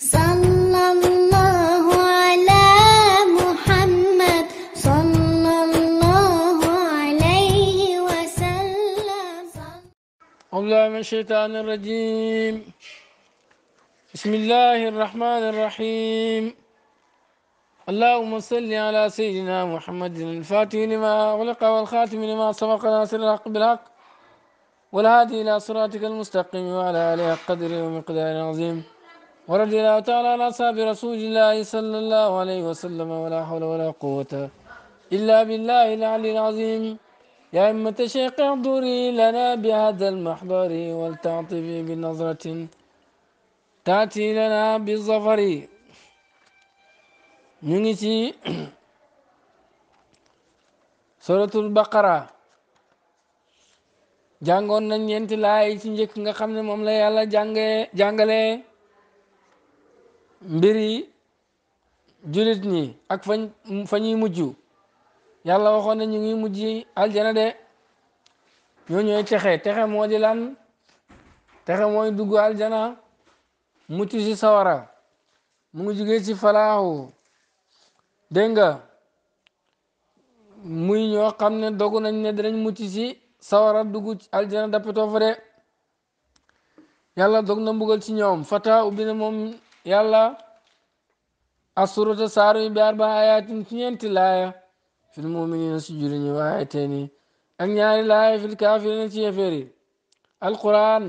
صلى الله على محمد صلى الله عليه وسلم من الشيطان الرجيم بسم الله الرحمن الرحيم اللهم صل على سيدنا محمد الفاتح لما أغلق والخاتم لما سبق ناصر الحق بالحق والهادي إلى صراطك المستقيم وعلى آله قدر ومقدار عظيم ورضي الله تعالى عن أصحاب رسول الله صلى الله عليه وسلم ولا حول ولا قوة إلا بالله العلي العظيم يا أمة الشيخ اعذري لنا بهذا المحضر ولتعطفي بنظرة تأتي لنا بالظفر نجي سورة البقرة جانغون nañ ñeenti laay ci njëkk nga يالا ne moom mbiri julit ñi ak fañ fa ñuy mujj yàlla waxoon na ñu ngi mujj aljana de ñoo ñooy texe texe moo di lan texe mooy dugg aljana mucc ci sawara mu ngi jugee ci falaaxu dégg nga muy ñoo xam ne dogu nañ ne danañ mucc ci sawara dugg aljana dappatoo fa de yàlla dog na mbugal ci ñoom fata ubbi moom يلا السورة سارة بأربع آيات أنت لايا في المؤمنين سجرين وآيتين أن يعني لايا في الكافرين تيفري القرآن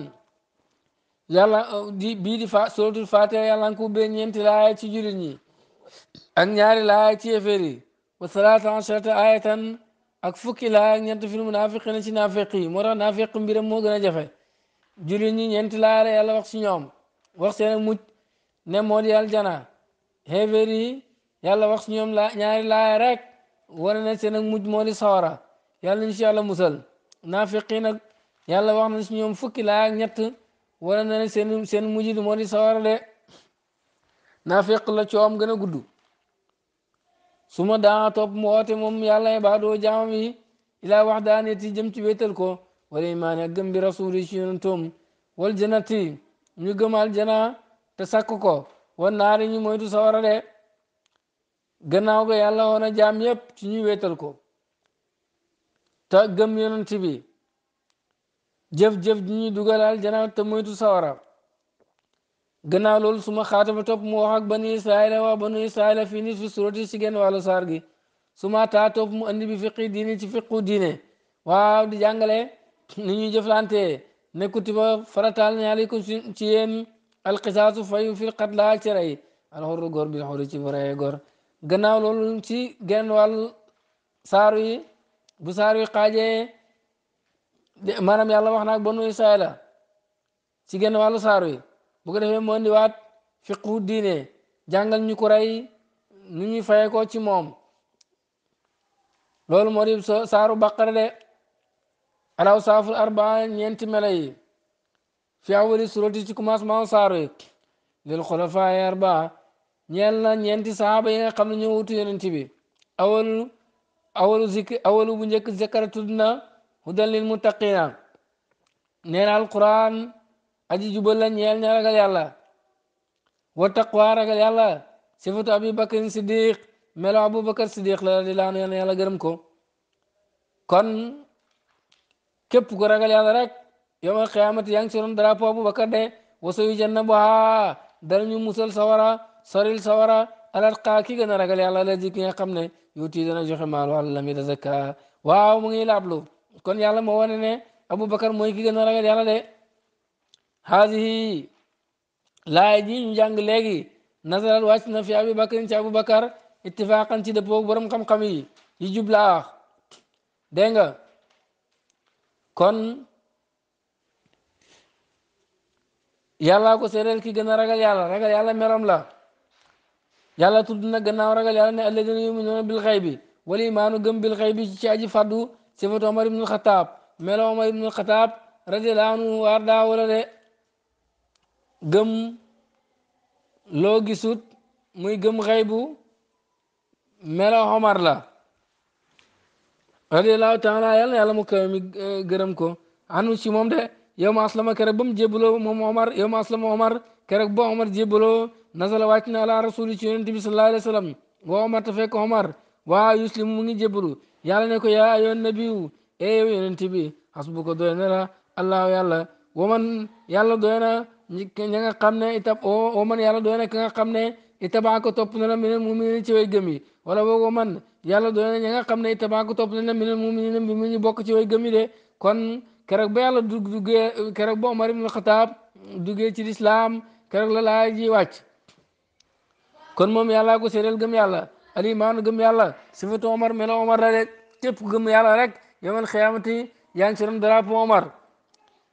يلا دي بيدي فا سورة الفاتحة يلا نكو أنت لايا تجرني أن يعني لا تيفري وثلاثة عشرة آية أكفك لا ينت في المنافقين تنافقي مرة نافق بيرمو جنا جفا جرني ينت لا يلا وقت يوم وقت يوم ne moo di aljana xeeféer yi yàlla wax si ñoom la ñaari laaya rek wane na seen ak mujj moo di sawara yàlla nañ si yàlla musal naafiqi nag yàlla wax na si ñoom fukki laaya ñett wane na seen seen mujj di moo di sawara de naafiq la coom gën a gudd su ma daa topp mu woote moom yàlla ibaadoo jaamam yi ilaa wax daaneti jëm ci wéetal ko wala imaane ak gëm bi rasul yi si yonentoom wal gëm aljana te sakk ko wan naari ñu moytu sawara de gannaaw ga yàlla woon a jaam yépp ci ñuy wetal ko te gëm yonent bi jëf-jëf ji ñuy dugal aljana te moytu sawara gannaaw loolu suma xaataba topp mu wax ak bani israila waa bani israila fii ni fi surati si saar gi suma taa topp mu andi bi diine ci fiqu diine waaw di jàngale ni ñuy jëflante ne kutiba farataal na yàlla ko ci alxisaasu fayu fil xatlaa ci rey alxorru góor bi xorri ci reye góor gannaaw loolu ci genn wàll saaru yi bu saaru yi xaajee maanaam yàlla wax naag banu israila ci genn wàllu saaru yi bu ko defee mu indiwaat fiqhu diine jàngal ñu ko rey nu ñuy faye ko ci moom loolu moo di saaru baqara de alaw saaful arbaa ñeenti melo yi في أول سورة تيكو ماس مان سارك للخلفاء أربعة نيال نا نيانت صحابة ينا قبل نيوتو ينانتبه أول أول ذكر أول بنجك ذكر تدنا هدى للمتقين نيال القرآن أجي جبلا نيال نيال قال يالا وتقوى قال يالا صفة أبي بكر صديق ملو أبو بكر صديق لا لا نيال نيال قرمكو كن كيف قرأ قال يالا رك yawmal qiyaamati yaa ngi si ron drapeau Abubakar de waso yu jannabuha danañu musal sawara soril sawara alal xaa ki gën a ragal yàlla la ji ki nga xam ne yuuti dana joxe maalu àlla lam yatazakka waaw mu ngi laablu kon yàlla moo wane ne Abubakar mooy ki gën a ragal yàlla de haadihi laay ji ñu jàng léegi nazaral wàcc na fi Abubakar ci Abubakar ittifaqan ci dëppoo borom xam-xam yi yi jublaax dégg kon yàllaa ko seedeel ki gën ragal yàlla ragal yàlla meram la yàlla tudd na gannaaw ragal yàlla ne alladina yuminuuna bil xay bi imaanu gëm bil xay ci aji faddu sifatu omar ibnul xataab melo omar ibnul xataab radiallahu anhu waar daa wala de gëm loo gisut muy gëm xay melo omar la radiallahu taala yàlla mu kawe mi eh, gërëm ko anu ci moom de yow ma aslama keroog ba mu jébbaloo moom Omar yow ma aslama Omar keroog ba Omar jébbaloo nasala wàcc na ala rasuli ci yonent bi sallallahu alayhi wa sallam wa Omar te fekk Omar waa yuslim mu ngi jébbalu yàlla ne ko yaa yoon nabiyu ee yow yonent bi xasbuka doy na la allah yàlla waman yàlla doy na ña nga xam ne itab waman yàlla doy na ka nga xam ne itabaako topp na la minal muminina ci way gëm yi wala boog waman yàlla doy na ña nga xam ne itabaako topp na la bi mu ñu bokk ci de keroog ba yàlla dug duggee keroog ba Omar ibn Xataab duggee ci lislaam keroog la laay ji kon moom yàllaa ko séeréel gëm yàlla alimaanu gëm yàlla sifatu Omar melo Omar la rek képp yàlla rek yomal xiyaamati yaa ngi si doon drapeau Omar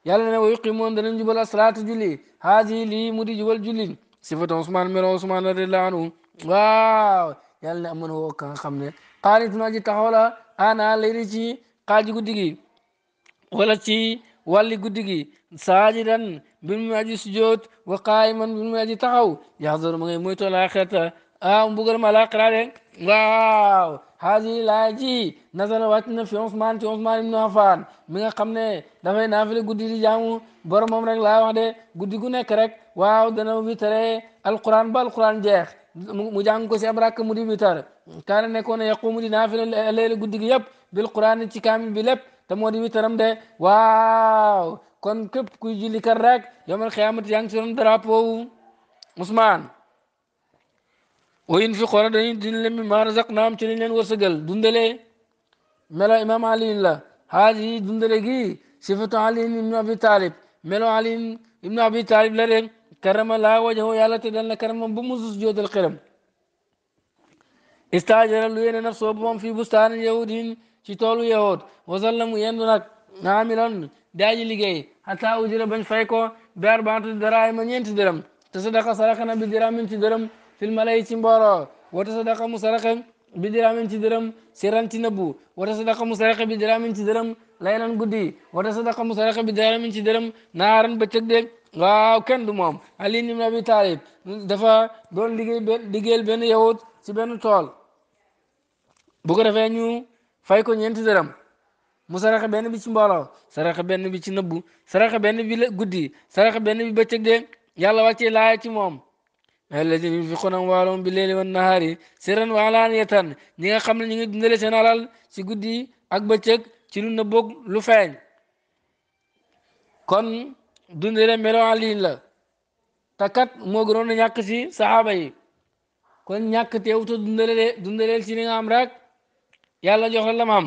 yàlla ne wa yuqimoon jubal asalaatu julli haasi lii mu di jubal julli sifatu Ousmane melo Ousmane radiyallahu anhu waaw yàlla ne amoon woo ka nga xam ne xaalis naa ji taxaw la ana léegi ci xaaji guddi wala ci wàlli guddi gi saajidan bi mu aji sujoot wa qaayiman bi mu aji taxaw yaxdaru ma ngay moytu alaaxirata ah mbugal ma alaaxira de waaw haadi laa ji nasara wàcc na fi Usmaan ci Usmaan ibnu Affaan mi nga xam ne dafay naafile guddi di jaamu boromam rek laa wax de guddi gu nekk rek waaw dana witare alquran ba alquran jeex mu jàng ko si ab mu di witar kaana nekkoon yaqumu di naafile leelu guddi gi yëpp bil quran ci kaamil bi lépp te moo di witaram de waaw kon képp kuy julli kat rek yawmal xiyaamati la ngi si doon drapeau wu Ousmane wa yunfiquuna dañuy dina leen mimmaa razaqnaahum ci liñ leen wërsëgal dundale melo imam aliin la haadi dundale gi sifatu aliin ibnu abi talib melo aliin ibnu abi talib la de karama laa wajahu yàlla te dal karama bu musus joodal xiram istaajara lu yéene nafsoo boom fii bustaani ci toolu yahud wasalla mu yendu nag aamilan daaji liggéey xataa ujira bañ fay ko bi arbaati daraay ma ñeenti dërëm te sadaqa saraka na bi diraamin ci dërëm fil malay ci mbooroo wata sadaqa mu saraka bi diraamin ci dërëm siran ci nëbbu wata sadaqa mu saraka bi diraamin ci dërëm laylan guddi wata sadaqa mu saraka bi diraamin ci dërëm naaran bëccëg de waaw kenn du moom Ali ibn Abi Talib dafa doon liggéey liggéeyal benn yahud ci benn tool bu ko defee ñu fay ko ñeenti dërëm mu saraxe benn bi mbalo mbooloo benn bi ci nëbbu saraxe benn bi la guddi saraxe benn bi bëccëg de yàlla wàccee laaya ci moom alladina yunfiquna amwaalahum bi leeli wan nahaari sirran wa alaaniyatan ñi nga xam ne ñu ngi dundale seen alal si guddi ak bëccëg ci lu nëbboog lu feeñ kon dundale melo aliin la te kat moo gënoon a ñàkk ci saxaaba yi kon dundale de dundaleel ci li nga am rek yàlla jox la lamam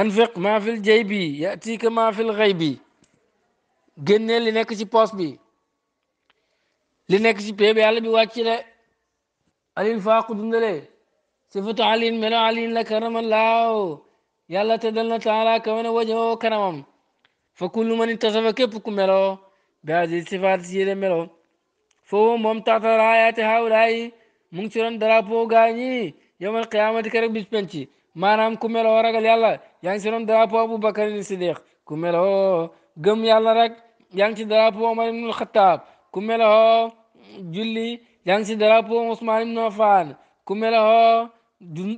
anfiq maa fil jaybi yatika maa fil xaybi génnee li nekk ci poos bi li nekk ci pee bi yàlla bi wàcc le alin faaqu dundale sifatu alin melo alin la karaman laaw yàlla te dal na taala kawane wajoo kanamam fa kullu man tasafa képp ku melo bi hadi sifaat si yéle melo foofu moom taata raayaati haawlaayi mu ngi ci ron drapeau gaa ñi yawmal qiyaamati keroog bis ci maanaam ku melo ragal yàlla yaa ngi ci ron drapeau Abubakar ni Siddiq ku melo gëm yàlla rek yaa ngi ci drapeau Omar ibnul Xattaab ku meloo julli yaa ngi ci drapeau Usmaan ibnu Affaan ku meloo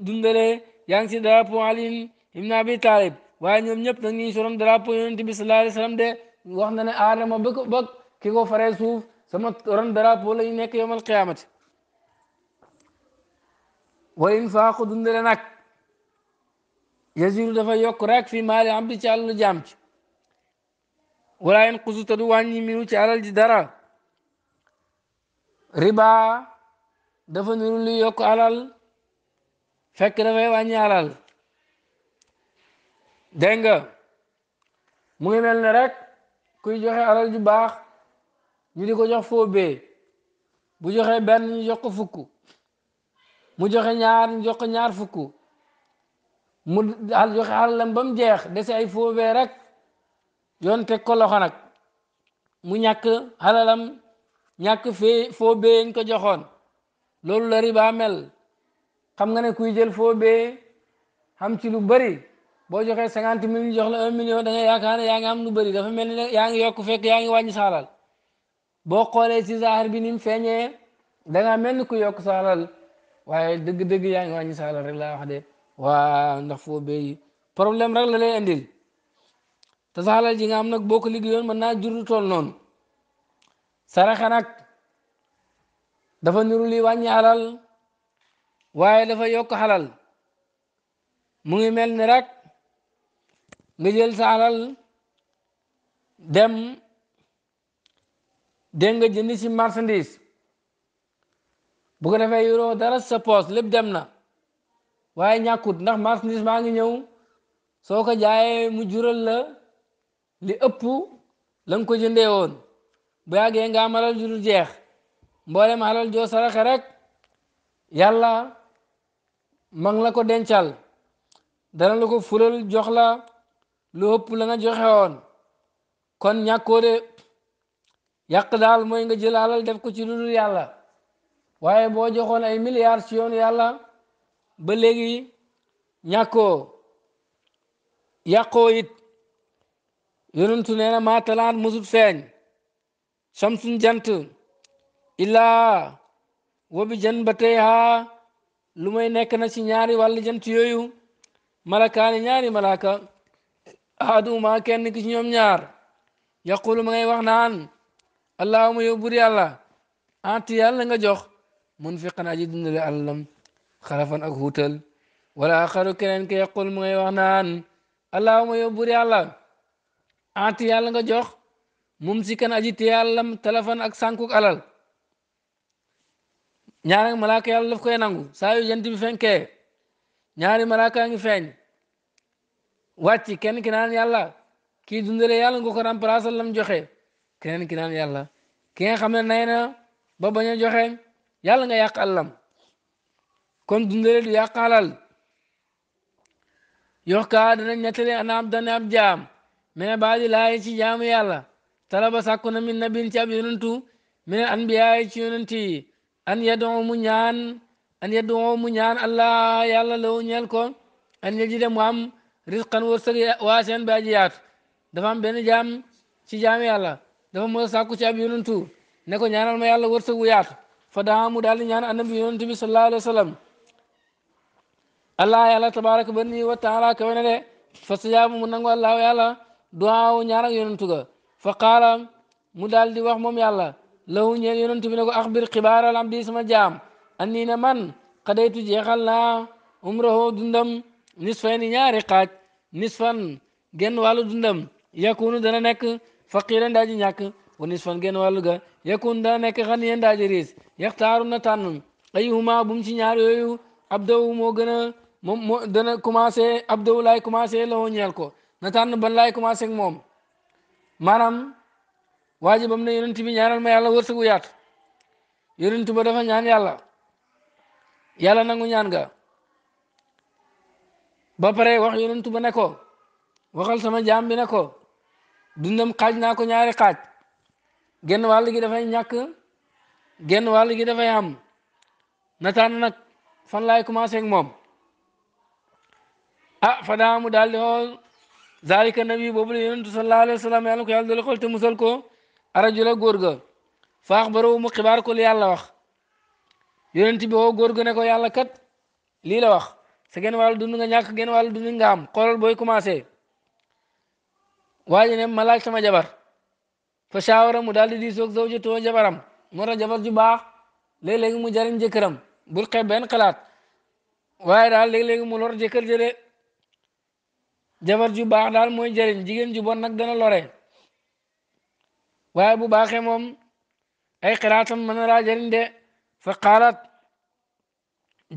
dundale yaa ngi ci drapeau Ali ibn Abi Talib waaye ñoom ñëpp nag ñu ngi ci ron drapeau yonent bi sallallahu alayhi wa sallam de wax na ne aadama bëgg bëgg ki ko faree sama ron drapeau la ñu nekk yawmal qiyaamati wa infaqu dundale nag yasiru dafa yokk rek fi maali am ci àlalu jaam ci wala in xusu te du wàññi mi ci alal ji dara riba dafa niru lu yokk alal fekk dafay wàññi alal dégg nga mu ngi mel ne rek kuy joxe alal ju baax ñu di ko jox foobe bu joxe benn ñu fukk mu joxe ñaar ñu ñaar fukk mu joxe alalam ba mu jeex dese ay foobee rek yoon teg ko nag mu ñàkk alalam ñàkk fee foobee yañ ko joxoon loolu la riba mel xam nga ne kuy jël foobee xam ci lu bari boo joxee cinquante mille jox la un million da nga yaakaar ne yaa ngi am lu bari dafa mel ni yaa ngi yokk fekk yaa ngi wàññi sa boo xoolee ci zahar bi ni mu feeñee da mel ni ku yokk sa waaye dëgg-dëgg yaa ngi sa saala rek laa wax de waa ndax foo béyi problème rek la lay indil te sa ji nga am nag boo ko liggéeyoon mën naa jur lu toll noonu saraxa dafa niru li wàññi alal waaye dafa yokk alal mu ngi mel ni rek nga jël sa alal dem dégg nga jënd si marchandise bu ko defee yoroo dara sa poos lépp dem na waaye ñàkkut ndax marchandise maa ngi ñëw soo ko jaayee mu jural la li ëpp la ko jëndee woon bu yàggee nga am alal jeex mboolem alal joo saraxe rek yàlla ma ngi la ko dencal dana la ko fulal jox la lu ëpp la nga joxe woon kon ñàkkoo de yàq daal mooy nga jël alal def ko ci lu dul yàlla waaye boo joxoon ay milliards ci yoonu yàlla ba léegi ñàkkoo yàqoo it yonentu nee na maa talaat musut feeñ samsun jant illaa wobi jan ba tey haa lu may nekk na ci ñaari wàll jant yooyu malakaani ñaari malaka ahaduma kenn ki ci ñoom ñaar yaqulu ma ngay wax naan allahuma yow bur yàlla anti yàlla nga jox mun fiqan aji dundale alalam xalafan ak huutal wala axaru keneen ke yaqul mu ngay wax naan allahuma yow buur yàlla aati yàlla nga jox mum si kan aji te yàllam talafan ak sànkuk alal ñaari malaaka yàlla daf koy nangu saa yu jant bi fenkee ñaari malaaka ngi feeñ wàcc kenn ki naan yàlla kii dundale yàlla nga ko remplacer lam joxe keneen ki naan yàlla ki nga na ba joxe yàlla nga yàq alalam kon dundale du yàq alal yokka dana ñettali anaam dana ab jaam mene baadi laayi ci jaamu talaba sàkku na min nabin ci ab yonantu mene anbiyaay ci yonanti an yadoo mu an yadoo mu allah yàlla law ñeel ko an yajida mu am risqan wërsëg waaseen baaji yaatu dafa am benn jaam ci jaamu yàlla dafa mos a sàkku ci ab yonantu ko ñaanal ma yàlla wërsëg wu yaatu fadaa mu daal di annabi yonent bi sallallahu alayhi wa sallam allah yàlla tabaraka ba nii wa taala kawe de fa sajaabu mu nangu allahu yàlla duwaaw ñaan ak yonentu ga fa qaala mu daal wax moom yàlla lahu ñeen yonentu bi ko axbir xibaaral abdi sama jaam annii ne man xadaytu jeexal naa umrahu dundam nisfayni ñaari xaaj nisfan genn wàllu dundam yakunu dana nekk faqiran daaji ñàkk wanis fan genn wàllu ga yakun daa nekk xan yeen daaji riis yaxtaaru na tànn ayuhuma bu mu ci ñaar yooyu abdaw moo gën a moom moo dana commencé abdaw laay commencé la ko na tànn ban laay commencé ak moom maanaam waaji bam ne yonent bi ñaanal ma yàlla wërsëgu yaatu yonent ba dafa ñaan yàlla yàlla nangu ñaan ga ba pare wax yonent ba ne ko waxal sama jaam bi ne ko dundam xaaj naa ko ñaari xaaj genn wàll gi dafay ñàkk genn wàll gi dafay am nataan nag fan laay commencé ak moom ah fadaamu daal di xool zalika nabi boobu la yonentu sallallahu alayhi wa sallam yàlla ko yàlla dole xool te musal ko arajula góor ga faax barawu mu xibaar ko li yàlla wax yonent bi woo góor ga ne ko yàlla kat lii la wax sa genn wàllu dund nga ñàkk genn wàllu dund nga am xoolal booy commencé waaye ne ma laaj sama jabar fa shawara mu daal di diisoog zawjatoo jabaram moo tax jabar ju baax léeg-léegi mu jariñ jëkkëram bul xeeb benn xalaat waaye daal léeg-léegi mu lor jëkkër jële jabar ju baax daal mooy jariñ jigéen ju bon nag dana lore waaye bu baaxee moom ay xalaatam mën na laa jariñ de fa xaalat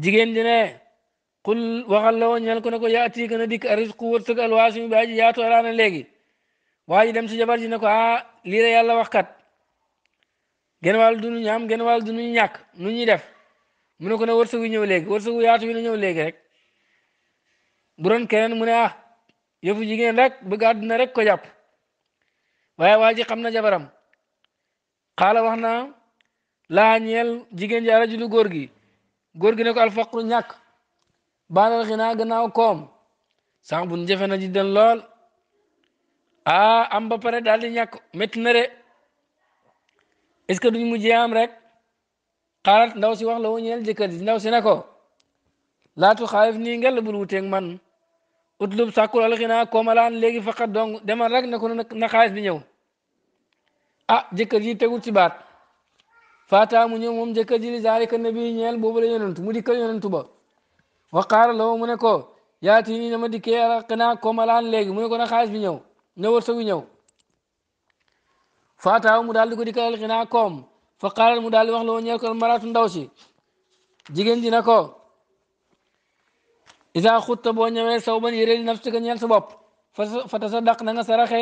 jigéen ji ne qul waxal la woon ñal ko ne ko yaati kana dikk arisku wërsëg alwaasimi baaji yaatu alaana léegi waa ji dem ci jabar ji ne ko ah lii la yàlla wax kat genn wàll du ñu am genn wàll du ñu ñàkk nu ñuy def mu ne ko ne wërsëgu ñëw léegi wërsëgu yaatu bi na ñëw léegi rek bu doon keneen mu ne ah yëfu jigéen rek bëgg àdduna rek ko jàpp waaye waa ji xam na jabaram xaala wax na laa ñeel jigéen ji arajulu góor gi góor gi ne ko alfaqru ñàkk baanal xinaa gannaaw koom sax bu jafe na ji den lool ah am ba pare daal di ñàkk métti na de est-ce que duñ mujjee am rek xaalat ndaw si wax la wu ñeel jëkkër ji ndaw si ne ko laatu xaalif nii ngel bul wuteeg man utlub sàkkul alxinaa koomalaan léegi faqat dong demal rek ne ko na xaalis bi ñëw ah jëkkër ji tegul ci baat faata mu ñëw moom jëkkër ji li zaalika nabi ñeel boobu la yonantu mu dikkal yonantu ba wa qaala la mu ne ko yaati nii na ma dikkee alxinaa koomalaan léegi mu ne ko na xaalis bi ñëw ne wërsëgu sa faataaw mu daal ko dikkal xinaa koom fa xaaral mu daal di wax loo ñeel ko maraatu ndaw si jigéen dina ko isa xutta boo ñëwee saw ban yére li naf sa bopp fa tasa daq na nga saraxe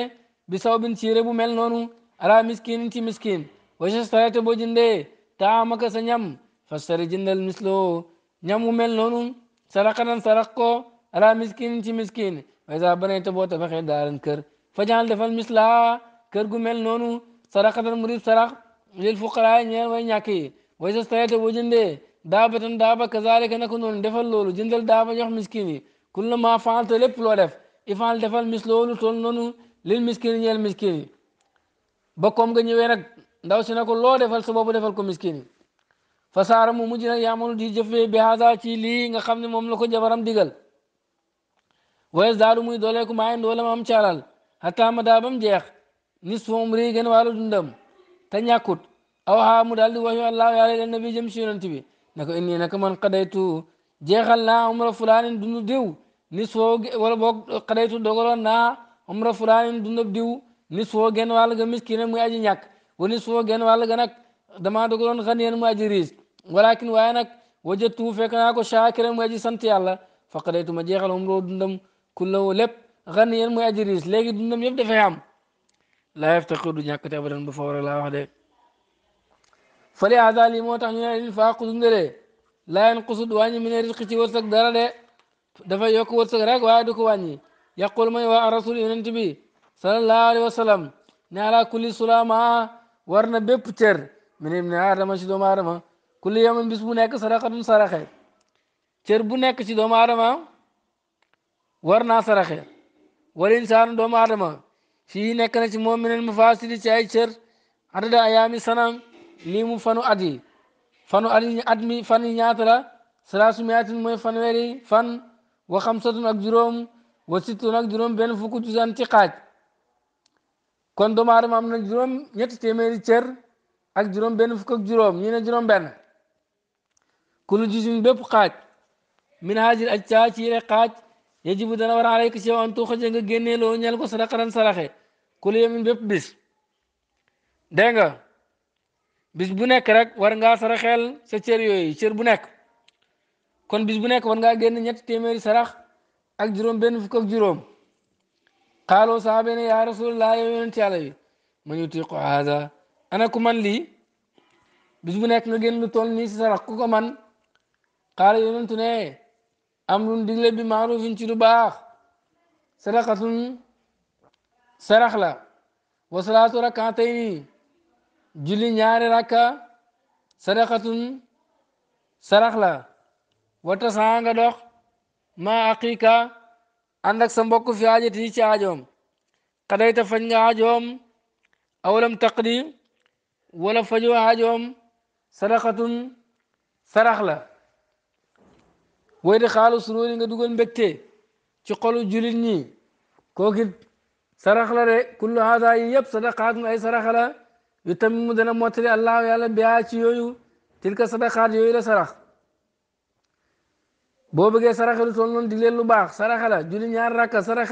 bi saw bin siire bu mel noonu ala miskin ci miskin wasa sarate boo jëndee taamaka sa ñam fa sari jëndal misloo ñam mu mel noonu saraxanan sarax ko ala miskin ci miskin wasa banay te boo tabaxee daaran kër fajaal defal mislaa kër gu mel noonu saraxatan mu rib sarax lil fuqaraa ñeel way ñàkk yi way sa sayata boo jëndee daabatan daaba kazaalika naka noonu defal loolu jëndal daaba jox miskin yi kul la maa faal te lépp loo def ifaal defal mis loolu toll noonu lil miskin ñeel miskin yi ba koom nga ñëwee nag ndaw si na ko loo defal sa boobu defal ko miskin yi fasaara mu mujj nag yaamanu di jëfee bi haza ci lii nga xam ne moom la ko jabaram digal waye zaalu muy dooleeku maayen doole ma am caalal xataa ma daa ba mu jeex umri gën wàllu dundam te ñàkkut aw xaa mu daal di allah yàlla ila nabi jëm si yonent bi ne ko inni naka man xadaytu jeexal naa umra fulaanin dundu diw nisfu wala boog xadaytu dogaloon naa umra ga miskina muy aji ñàkk wa nisfu genn wàll ga nag damaa dogaloon xaniyan muy aji riis walakin waaye nag wajatu fekk naa ko shaakiran muy aji sant yàlla fa xadaytu ma jeexal umra dundam kullahu lépp غني يلمو ادريس لغي دندم يب فهم ام لا يفتقد نياك تابدا بفور لا واخ دي فلي هذا لي مو تخ ني الفاق دندل لا ينقص دواني من رزق تي ورسك دارا دي دافا يوك ورسك راك وا دوك واني يقول ما هو الرسول ينتبي صلى الله عليه وسلم نالا كل سلاما ورنا بيبتر من ابن ادم شي دوما ادم كل يوم بسمو نيك صرخه صرخه تير بو نيك شي ورنا صرخه والإنسان دوم عرما في نكنة مؤمن المفاسد تأيشر عدد أيام سنة لي فنو أدي فنو أدي أدمي فن ياترا سلاس مئات مئة فن فن وخمسة أجروم وستة أجروم بين فكو جزان تقاج كون دوم عرما من أجروم يتتمي ريشر أجروم بين فكو أجروم ين أجروم بين كل جزين بيب قاج من هذه الأجتاج إلى yajibu dana war aleyka ci yow an tuuxaje nga ko sadaqatan saraxe kul yamin bépp bis dégg bis bu nekk rek war ngaa saraxeel sa cër yooyu cër bu nekk kon bis bu nekk war ngaa génn ñetti téeméeri sarax ak juróom benn fukk ak juróom xaaloo saxaabe ne yaa rasulullah yow yonent yàlla man yutiqu haada ana ku man bis bu nekk nga génn lu toll nii si sarax ku ko man xaala yonentu amrun digle bi maarufin ci lu baax sadaqatun sarax la wa salaatu rakatayni julli ñaari rakka sadaqatun sarax la wa tasaa nga dox ma aqiika ànd sa mbokk fi aajati ci aajoom xadayta faj nga aajoom awalam taqdi wala fajoo aajoom sadaqatun sarax la way di xaalu suróori nga dugal mbégte ci xolu julit ñi kookit sarax la de kullu haada yi yëpp sadaqaatun ay sarax la yu tamit mu dana mottali allah yàlla biyaa ci yooyu tilka sadaqaat yooyu la sarax boo bëggee sarax lu toll noonu di leen lu baax sarax la ñaar rakka sarax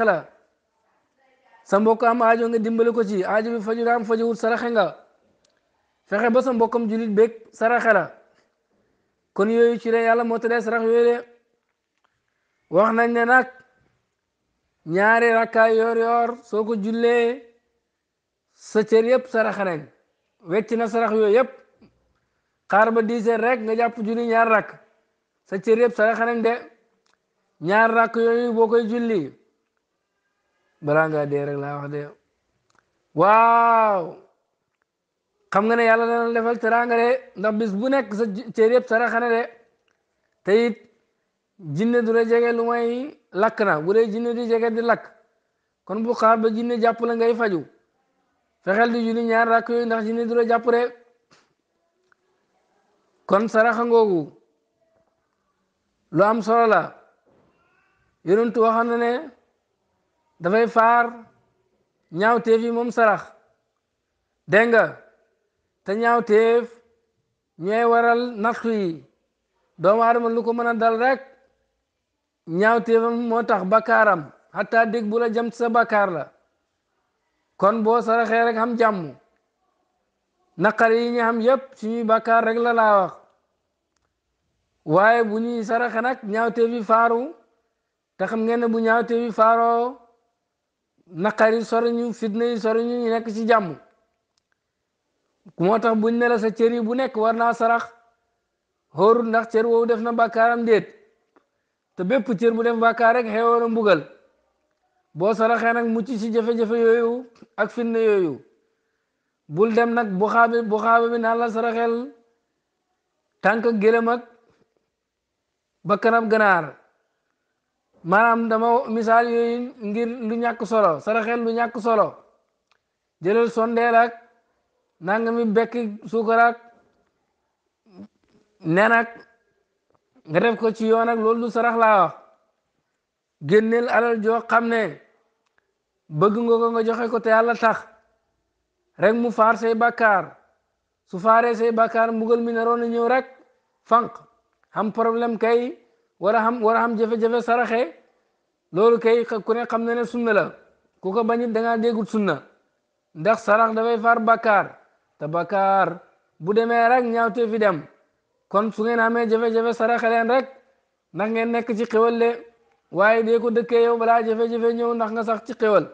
sa mbokk am aajo nga dimbali ko ci aajo bi faju daam fajuwut saraxe fexe ba sa mbokkam julit beeg sarax la kon yooyu ci la yàlla mottalee sarax yooyu de wax nañ ne nag ñaari rakkaay yoor yoor soo ko jullee sa cër yëpp sarax nañ wecc na sarax yooyu yëpp xaar ba diisee rek nga jàpp julli ñaar rakk sa cër yëpp sarax nañ de ñaar rakk yooyu boo koy julli balaa ngaa dee rek wax de waaw xam nga ne yàlla dana defal teraanga de ndax bis bu nekk sa cër yëpp sarax na de te जिन्ने दूर जगह लुमाई लक ना गुरे जिन्ने दी जगह दे लक कौन बो खार बे जिन्ने जापू लंगे फाजू फ़ैखल दी जुनी न्यार रखो ना जिन्ने दूर जापू कौन सारा खंगोगु लोम सोला यूरुं तू आहन ने दवे फार न्याव टेवी मम सारा देंगा ते न्याव टेव न्याय वरल नखी दोमार मल्लु को मना दल रख ñaawteefam moo tax bakaram xataa dégg bu la jam sa bakkaar la kon boo saraxee rek am jàmm naqar yi ñu xam yépp suñuy bakkaar rek la laa wax waaye bu ñuy saraxe nag ñaawteef bi faaru te xam ngeen ne bu ñaawteef bi faaroo naqar yi sori ñu fitna yi sori ñu nekk ci jàmm moo tax buñ ne la sa cër yi bu nekk war naa sarax ndax cër woowu def na déet te bépp cër mu dem bàkkaar rek xeewoo na mbugal boo saraxee nag mucc ci jafe-jafe yooyu ak finne yooyu bul dem nag bu xaabi bu xaabi bi naan la saraxel tànk gélem ak bakkanam ganaar maanaam dama misaal yooyu ngir lu ñàkk solo saraxel lu ñàkk solo jëlal sondeel ak nangami bekk suukar ak nga def ko ci yoon ak loolu du sarax laa wax génneel alal joo xam ne bëgg nga ko nga joxe ko te yàlla tax rek mu faar say bakkaar su faaree say bakkaar mbugal mi naroon na ñëw rek fànq xam problème kay war a xam war a xam saraxe loolu kay ku ne xam na ne sunna la ku ko bañit dangaa déggut sunna ndax sarax dafay faar bakkaar te bakkaar bu demee rek ñaawtee fi dem kon su ngeen amee jafe-jafe saraxe leen rek ndax ngeen nekk ci xéwal de waaye dee ko dëkkee yow balaa jafe-jafe ñëw ndax nga sax ci xéwal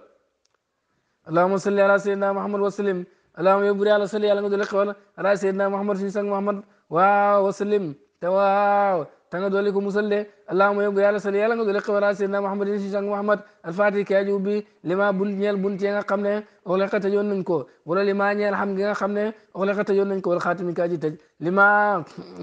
allahumma salli ala sayyidina muhammad wa sallim allahumma yow bur yàlla salli yàlla nga doole xéwal ala sayyidina muhammad suñu sang muhammad waaw wa sallim تواو تنغ دولي كو مسلي اللهم يوم يالا صلي يالا دولي قبرا سيدنا محمد نشي سانغ محمد الفاتح كي اجو بي لما بنت نيال بنت يغا خمنا اغلق تجون نكو ولا لما نيال حمد يغا خمنا اغلق تجون نكو والخاتم كي اجي تج لما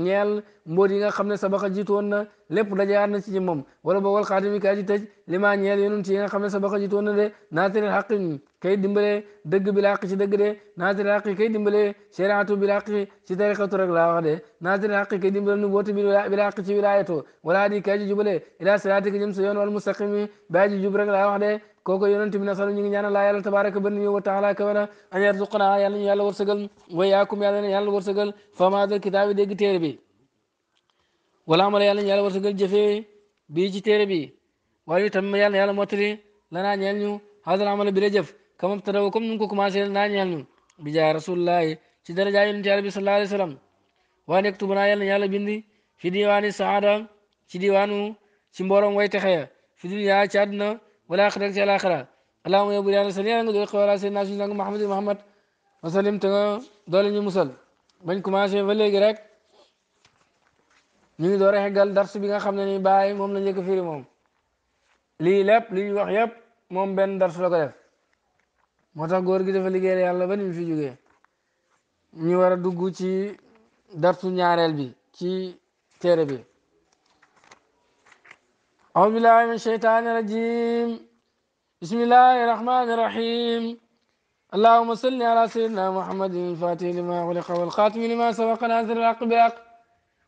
نيال مبور يغا خمنا سبق جيتون lépp dajaar na ci ci moom wala boog wal xaatim yi kaa ji tëj limaa ñeel yonent yi nga xam ne sabaqa jitoon na de naasiril xaqin kay dimbale dëgg bi làq ci dëgg de naasiri làq kay dimbale shariatu bi làq ci tariqatu rek laa wax de naasiri làq kay dimbale nu bootu bi làq ci wilaayatu wala di kay ji jubale ila siraati ka jëm sa yoon wal mustaqimi bàyyi ji jub rek laa wax de kooku yonent bi nasalu ñu ngi ñaanal laa tabaraka ba nuyu wa taala kawana an yarzuqana yàlla ñu yàlla wërsëgal wa yaakum yàlla ne yàlla wërsëgal famaadal kamam tadaw comme nun ko commencé naa ñaan ñun bi jaa rasulullahi ci daraja yonent yàlla bi sallallahu alayhi wa sallam waa yàlla na yàlla bindi fi diwaani saada ci diwaanu ci mbooroom way texeya fi duniya ci àdduna wala axira ci alaxira allahuma yow bu yàlla sal yàlla nga dool xewala seen naa suñu sang Mahamad Mahamad wasalim te nga doole ñu musal bañ commencé ba léegi rek ñu ngi door a xeggal dars bi nga xam ne ni bàyyi moom la njëkk firi lii lépp li ñu wax yëpp moom benn dars la motax góor gi dafa liggéeyal yàlla ba nim fi jógee ñu war a dugg ci dartu ñaareel bi ci téere bi أعوذ بالله من الشيطان الرجيم بسم الله الرحمن الرحيم اللهم صل على سيدنا محمد الفاتح لما أغلق والخاتم لما سبق نازل الحق بالحق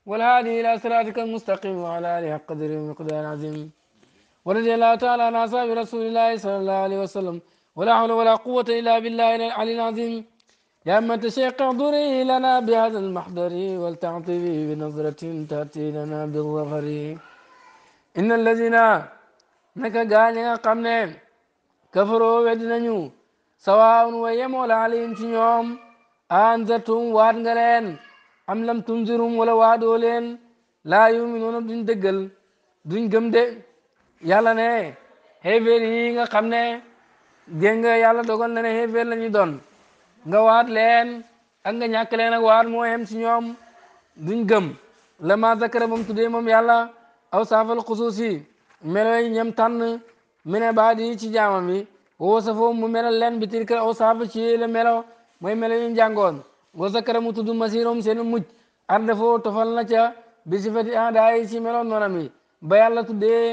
والهادي إلى صراطك المستقيم وعلى آله حق قدر ومقدار عظيم ورضي الله تعالى عن أصحاب رسول الله صلى الله عليه وسلم ولا حول ولا قوة إلا بالله العلي العظيم يا من تشيق ضري لنا بهذا المحضر ولتعطفي بنظرة تأتي لنا بالظفر إن الذين نك قالنا قمنا كفروا ويدنيو سواء ويم ولا عليهم في يوم أنذرتم وارنغلين أم لم تنذرهم ولا وادولين لا يؤمنون بدين دقل دون جمد يا لنا هيفير هي nga dégg nga yàlla dogal na ne xéeféer la ñu doon nga waat leen ak nga ñàkk leen ak waat moo yem ci ñoom duñ gëm lama zakara ba mu tuddee moom yàlla aw saafal xusuus yi meloy ñem tànn mi ne baa di ci jaamam yi woo safoo mu melal leen bi tilka aw saaf ci la melo mooy melo yu jàngoon wa zakara mu tudd masirom seen mujj ar dafoo tofal na ca bi sifati aadaay ci melo noonam yi ba yàlla tuddee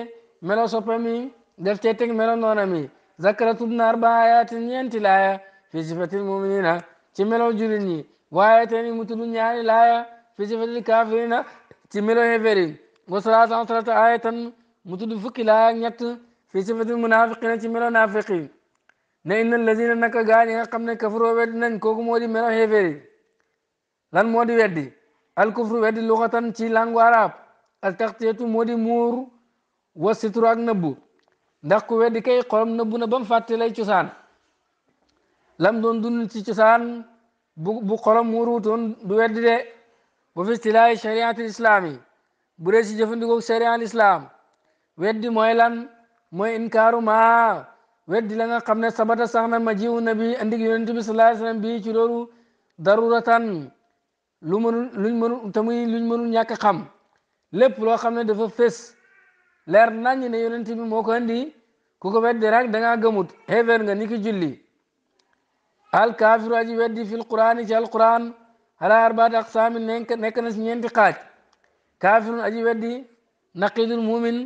melo soppam yi def cee teg melo noonam yi ذكرت ابن أربع آيات ينتي الآية في صفة المؤمنين تملو جرني وآيتين متلون يعني الآية في صفة الكافرين تملو هفرين وصلاة صلاة آية متلو فك الآية نيت في صفة المنافقين تملو نافقين نين الذين نكا غاني قمنا كفروا ويدنا نكوك مولي ملو هفرين لن مولي ودي الكفر ودي لغة تي لانغو عرب التغطية مولي مور وستر أغنبو ndax ku weddi kay xolam nëbbu na ba mu fàtte lay cosaan lam doon dund ci cosaan bu bu xolam muuruutoon du weddi de bu fi istilaay chariatul islam yi bu dee ci jëfandikoo chariat islam weddi mooy lan mooy inkaaru maa weddi la nga xam ne sabata sax na ma jiwu nabi andig yonent bi sallallahu alayhi bi ci loolu daruratan lu mënul luñ mënul tamuy luñ mënul ñàkk xam lépp loo xam ne dafa fés leer naññ ne yonent bi moo ko andi ku ko weddi rek da ngaa gëmut xeefeer nga ni ki julli al kaafiru aji weddi fil quraan ci al quraan ala arbaati aqsaami nekk na si ñeenti xaaj kaafirun aji weddi naqidul mumin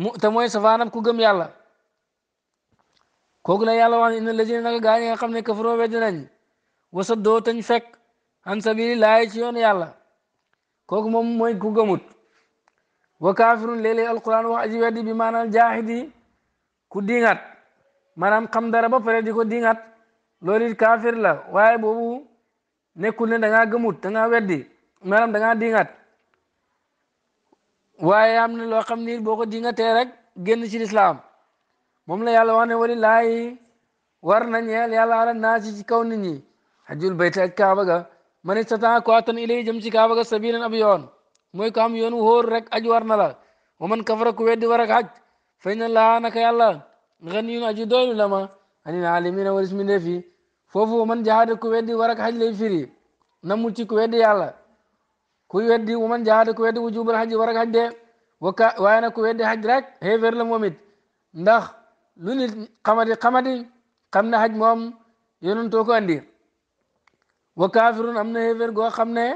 mu te mooy safaanam ku gëm yàlla kooku la yàlla wax ne inna lazina naka gaa nga xam ne kafaroo weddi nañ wasa dootañ fekk an sabilillahi ci yoon yàlla kooku moom mooy ku gëmut wa kaafirun léeg-léeg alquran wax aji weddi bi maanaam jaahidi ku diŋat maanaam xam dara ba pare di ko diŋat loolu it la waaye boobu nekkul ne da ngaa gëmut da weddi maanaam da ngaa diŋat waaye am na loo xam nit boo ko diŋatee rek génn ci lislaam moom la yàlla wane ne walillaahi war na ñeel yàlla ala naasi ci kaw nit ñi hajjul bayt ak kaaba ga man istataa ko attan ilay jëm ci kaaba ga sabilan ab yoon mooy ko am yoon wu rek aj war na la wa man kafara ku weddi war ak aj fay na laa naka yàlla ganiyun aji doylu la ma anil alamina walis mi ndeefi foofu wa man jahaada ku weddi war ak aj firi na mu ci ku weddi yàlla ku weddi wa man jahaada ku weddi wujubal aj war ak de waka waaye nag ku weddi aj rek xeeféer la moom ndax lu nit xamadi xamadi xam ne aj moom yonentoo ko andi wa kaafirun am na xeeféer goo xam ne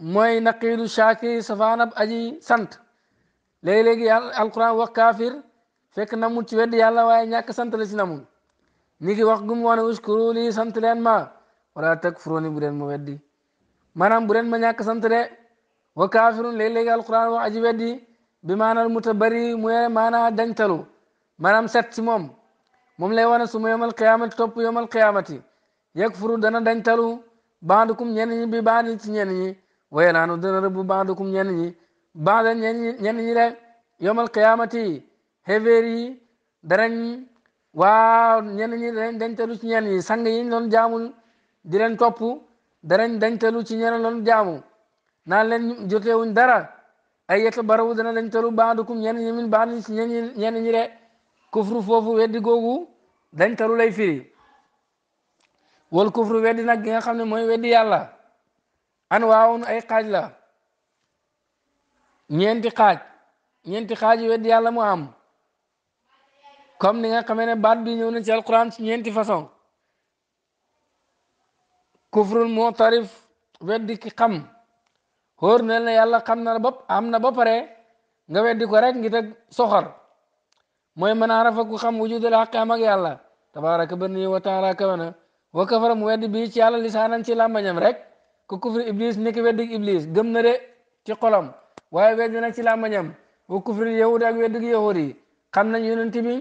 mooy naqiidu shaakiri safaanab aji sant léegi-léegi alquran wax kaafir fekk namul ci wedd yàlla waaye ñàkk sant la ci namul ni ngi wax gum woone uskuru lii sant leen ma wala takfuruni bu leen ma weddi maanaam bu leen ma ñàkk sant de wa kaafirun léegi-léegi alquran wax aji weddi bi maanaam mutabari mu yore maanaa dañtalu maanaam set ci moom moom lay wane suma yomal qiyaamati topp yomal qiyaamati yakfuru dana dañtalu bandukum ñenn ñi bi baandi ci waaye naanu dina rëbb baadukum ñenn ñi baada ñenn ñi de yomal qiyaamati xeveer yi darañ waaw ñenn ñi darañ dañtalu ci ñenn ñi sang yiñ doon jaamul di leen topp darañ dañtalu ci ñeneen doon jaamu naan leen jotewuñ dara ay yeta barawu dana dañtalu baadukum ñenn ñi min baadin ci ñenn ñenn ñi de kufru foofu weddi googu dañtalu lay firi wal kufru weddi nag gi nga xam ne mooy weddi yàlla an waawoon ay xaaj la ñeenti xaaj ñeenti xaaj yu weddi yàlla mu am comme ni nga xamee ne baat bi ñëw na ci alquran ci ñeenti façon kufrul mutarif weddi ki xam xóor nel na yàlla xam na ba am na ba pare nga weddi ko rek ngi teg soxor mooy man arafa ku xam wujudul xaq am ak yàlla tabaraka barni wa taala kawana wa kafara mu weddi bii ci yàlla na ci làmbañam rek ku kufri iblis nekk weddig iblis gëm na de ci xolam waaye weddi nag ci làmmañam wa kufri yahudi ak weddig yahudi yi xam nañ yonent bi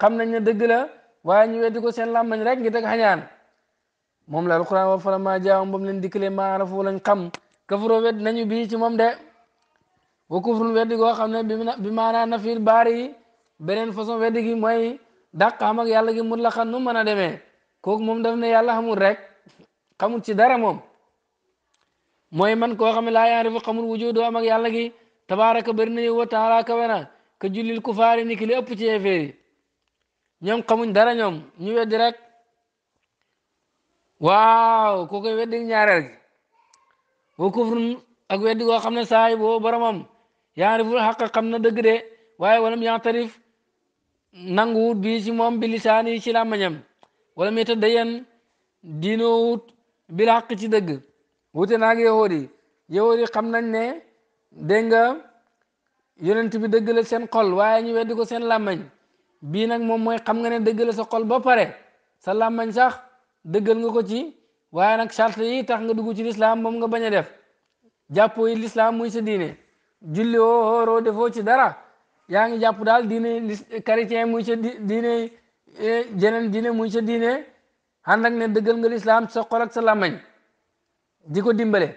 xam nañ ne dëgg la waaye ñu weddi ko seen làmmañ rek ngi teg xañaan moom la alquran wa falammaa jaa'ahum ba mu leen dikkalee maa arafu lañ xam kafaroo wedd nañu bii ci moom de wa kufrun weddi goo xam ne bi maanaa nafil baari beneen façon weddi gi mooy dàq xam ak yàlla gi mutlaqan nu mën a demee kooku moom daf na yàlla xamul rek ci dara moom mooy man koo xam ne laa yaarifu xamul wujudu am ak yàlla gi tabaaraka bëri na wa taala kawe ka jullil kufaari ni ki li ëpp ci yéeféeri ñoom xamuñ dara ñoom ñu weddi rek waaw koo koy weddi ñaareel gi kufrun ak weddi goo xam ne saay boo boromam yaariful xaq xam na dëgg de waaye walam yaxtarif nanguwut bi ci moom bi lisaani ci làmmañam wala mi ta dayan diinoowut bil xaq ci dëgg wute naag yahood yi yahood yi xam nañ ne dégg nga yonent bi dëgg seen xol waaye ñu weddi ko seen làmmañ bii nag moom mooy xam nga ne dëgg la sa xol ba pare sa làmmañ sax dëggal nga ko ci waaye nag charte yi tax nga dugg ci lislaam moom nga bañ a def jàppoo yi lislaam muy sa diine julli woo hooroo defoo ci dara yaa ngi jàpp daal diine chrétien muy sa diine eh, jeneen diine muy sa diine ànd ak ne dëggal nga lislaam sa xol sa làmmañ di ko dimbale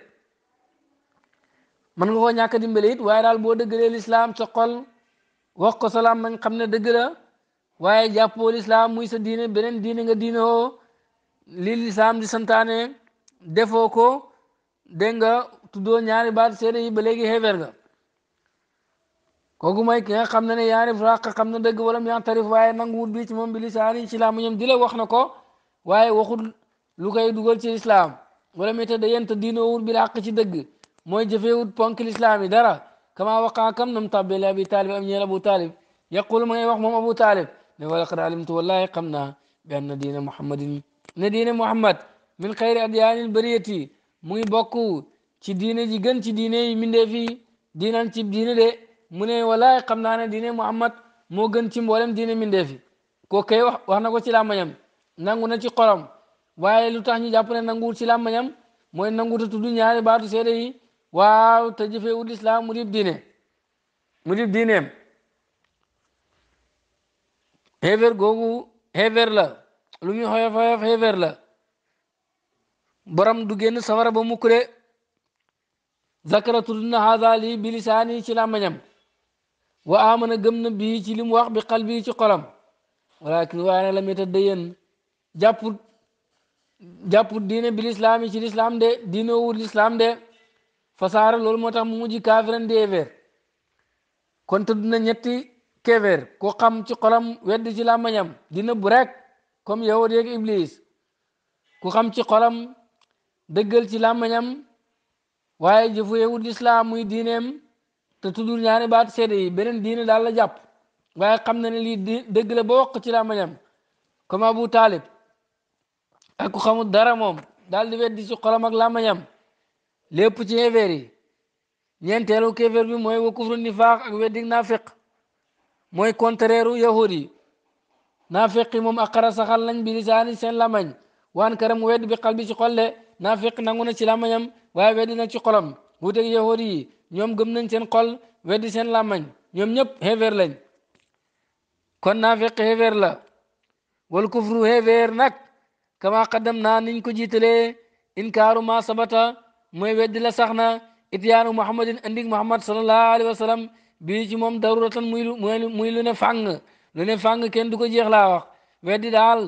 mën nga koo ñàkk dimbale it waaye daal boo dëggalee lislaam sa wax ko salaam mañ xam ne dëgg la waaye jàppoo lislaam muy sa diine beneen diine nga diine oo li lislaam di santaane defoo ko dégg nga tuddoo ñaari baat seede yi ba léegi xeefeer nga kooku mooy ki nga xam ne ne yaarif raq xam na dëgg wala mu yaa tarif waaye nangu wut bi ci moom bi lisaani ci laa mu ñoom di la wax na ko waaye waxul lu koy dugal ci lislaam wala muy tëdd yéen te diinoowul bil xaq ci dëgg mooy jëfeewut ponk lislaam yi dara kama waqaa kam nam tàbbee li abi taalib am ñeel abu taalib yaqul ma ngay wax moom abu taalib ne wala qad alimtu wallahi xam naa bi anna diina muhammadin ne diine muhammad min xayri adyaanil bariyati mu ngi bokk ci diine ji gën ci diine yi mindee fii diinan ci mu ne wallahi xam naa ne diine muhammad moo gën ci mboolem diine mindee fi ko kay wax wax na ko ci làmmañam nangu na ci xolam waaye lu tax ñu jàpp ne nanguwut ci làmmañam mooy nanguwut a tudd ñaari baatu seede yi waaw te jëfewul islam mu dib diine mu dib diineem xeefeer googu xeefeer la lu muy xoyof xoyof xeefeer la borom du génn safara ba mukk de zakara tudd na haada lii bi lisaani ci làmmañam wa amana gëm na bii ci li mu bi xal bii ci waaye nag la méta dëyeen jàpput jàpp diine bi lislaam yi ci lislaam de diine wu de fasaara loolu moo tax mu mujj kaafiran di éveer kon tudd na ñetti kéeféer ko xam ci xolam wedd ci làmmañam dina bu rek comme yahud yeeg iblis ku xam ci xolam dëggal ci làmmañam waaye jëfu yahud lislaam muy diineem te tuddul ñaari baat seede yi beneen diine daal la jàpp waaye xam na ne lii dëgg la ba wax ci làmmañam comme Abu Talib ak ku xamul dara moom daal di weddi ci xolam ak làmmañam lépp ci yéeféer yi ñeenteelu kéeféer bi mooy wa kufru nifaax ak weddi naafiq mooy contraire yahud yi naafiq moom ak xara saxal lañ bi lisaani seen làmmañ waan karam wedd bi xal bi ci xol de naafiq nangu na ci làmmañam waaye weddi na ci xolam wuuteeg yahud ñoom gëm nañ seen xol weddi seen làmmañ ñoom ñëpp xéeféer lañ kon naafiq xéeféer la wal kufru xéeféer nag kama qaddamnaa niñ ko jiitalee inkaaru maa sabata mooy weddi la sax na ityaanu muhammadin andik muhammad sallallahu alayhi wa sallam bii ci moom daruratan muy lu muy lu ne fàng lu ne fàng kenn du ko jeex laa wax weddi daal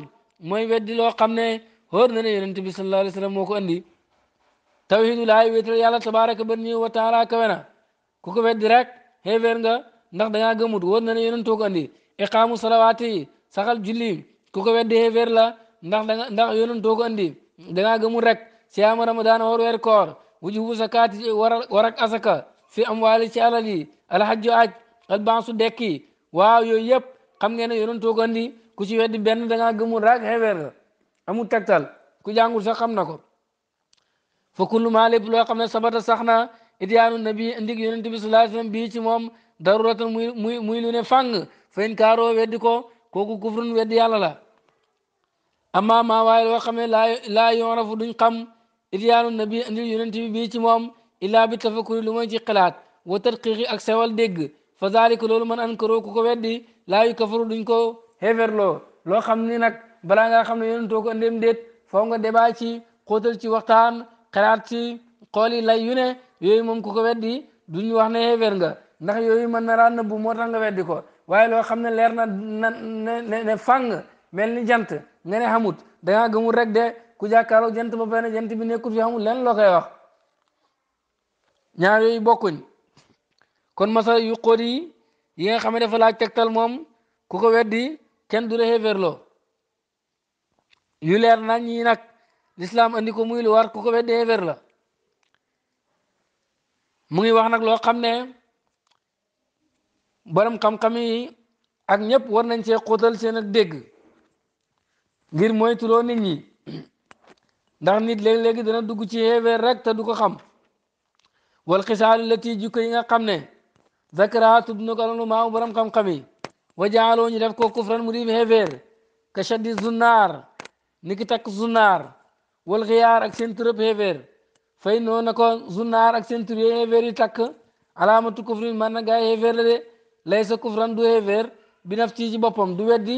mooy weddi loo xam ne hóor na ne yonent bi sallallahu alayhi wa sallam moo ko andi tawhidu laay wéetal yàlla tabaraka ba nii wa taala kawe na ku ko weddi rek xeefeer nga ndax dangaa gëmut wóor na ne yonentoo ko andi iqaamu salawaati saxal julli ku ko weddi xeefeer la ndax danga ndax yonent doo ko rek si ama rek siyaama ramadaan war weer koor wujubu zakaat war ak asaka fi amwaali ci alal yi alhajju aj albaasu dekki waaw yooyu yëpp xam ngeen ne yonent doo andi ku ci weddi benn dangaa gëmu rek xeebeer la amul ku jàngul sax xam na ko fa kullu maa lépp loo xam ne sabata sax na itiyaanu nabi ndig yonent bi sallallahu alayhi wasallam ci moom daruratan muy muy muy lu ne fàng fayin kaaroo weddi ko kooku kufrun weddi yàlla la amma maa waaye loo xam ne laa yorafu duñ xam idyaanu nabi andil yonent bi bii ci moom illaa bi tafakkuri lu mooy ci xalaat wa tadqiqi ak sewal dégg fa zalika loolu man ankaro ku ko weddi laa yu kafaru duñ ko xeferloo loo xam ni nag balaa ngaa xam ne yonentoo ko andem déet foo nga débat ci xóotal ci waxtaan xalaat ci xool yi lay yu ne yooyu moom ku ko weddi duñ wax ne xefer nga ndax yooyu mën na raan na bu moo tax nga weddi ko waaye loo xam ne leer na ne mel ni jant nga ne xamut da ngaa rek de ku jàkkaarloo jant ba pare jant bi nekkul fi xamul lenn loo koy wax ñaar yooyu bokkuñ kon masala yu xóot yi yi nga xam ne dafa tegtal moom ku ko weddi kenn du la xeeverloo yu leer nañ ñi nag lislaam andi ko muy lu war ku ko weddi xeever la mu ngi wax nag loo xam ne borom xam-xam ak ñëpp war nañ se xóotal seen ak dégg ngir moytuloo nit ñi ndax nit léeg-léegi dana dugg ci xeeweer rek te du ko xam wal xisaalu lati jikko yi nga xam ne zakara tudd na ko alonu maamu borom xam-xam yi wa jaaloo ñu def ko kufran mu di xeeweer ka shaddi zunnaar ni ki takk zunnaar wal xiyaar ak seen turëb fay noo na ko zunnaar ak seen turëb yi takk alaamatu kufrin man na gaay xeeweer la de lay sa kufran du xeeweer bi naf ci ci boppam du weddi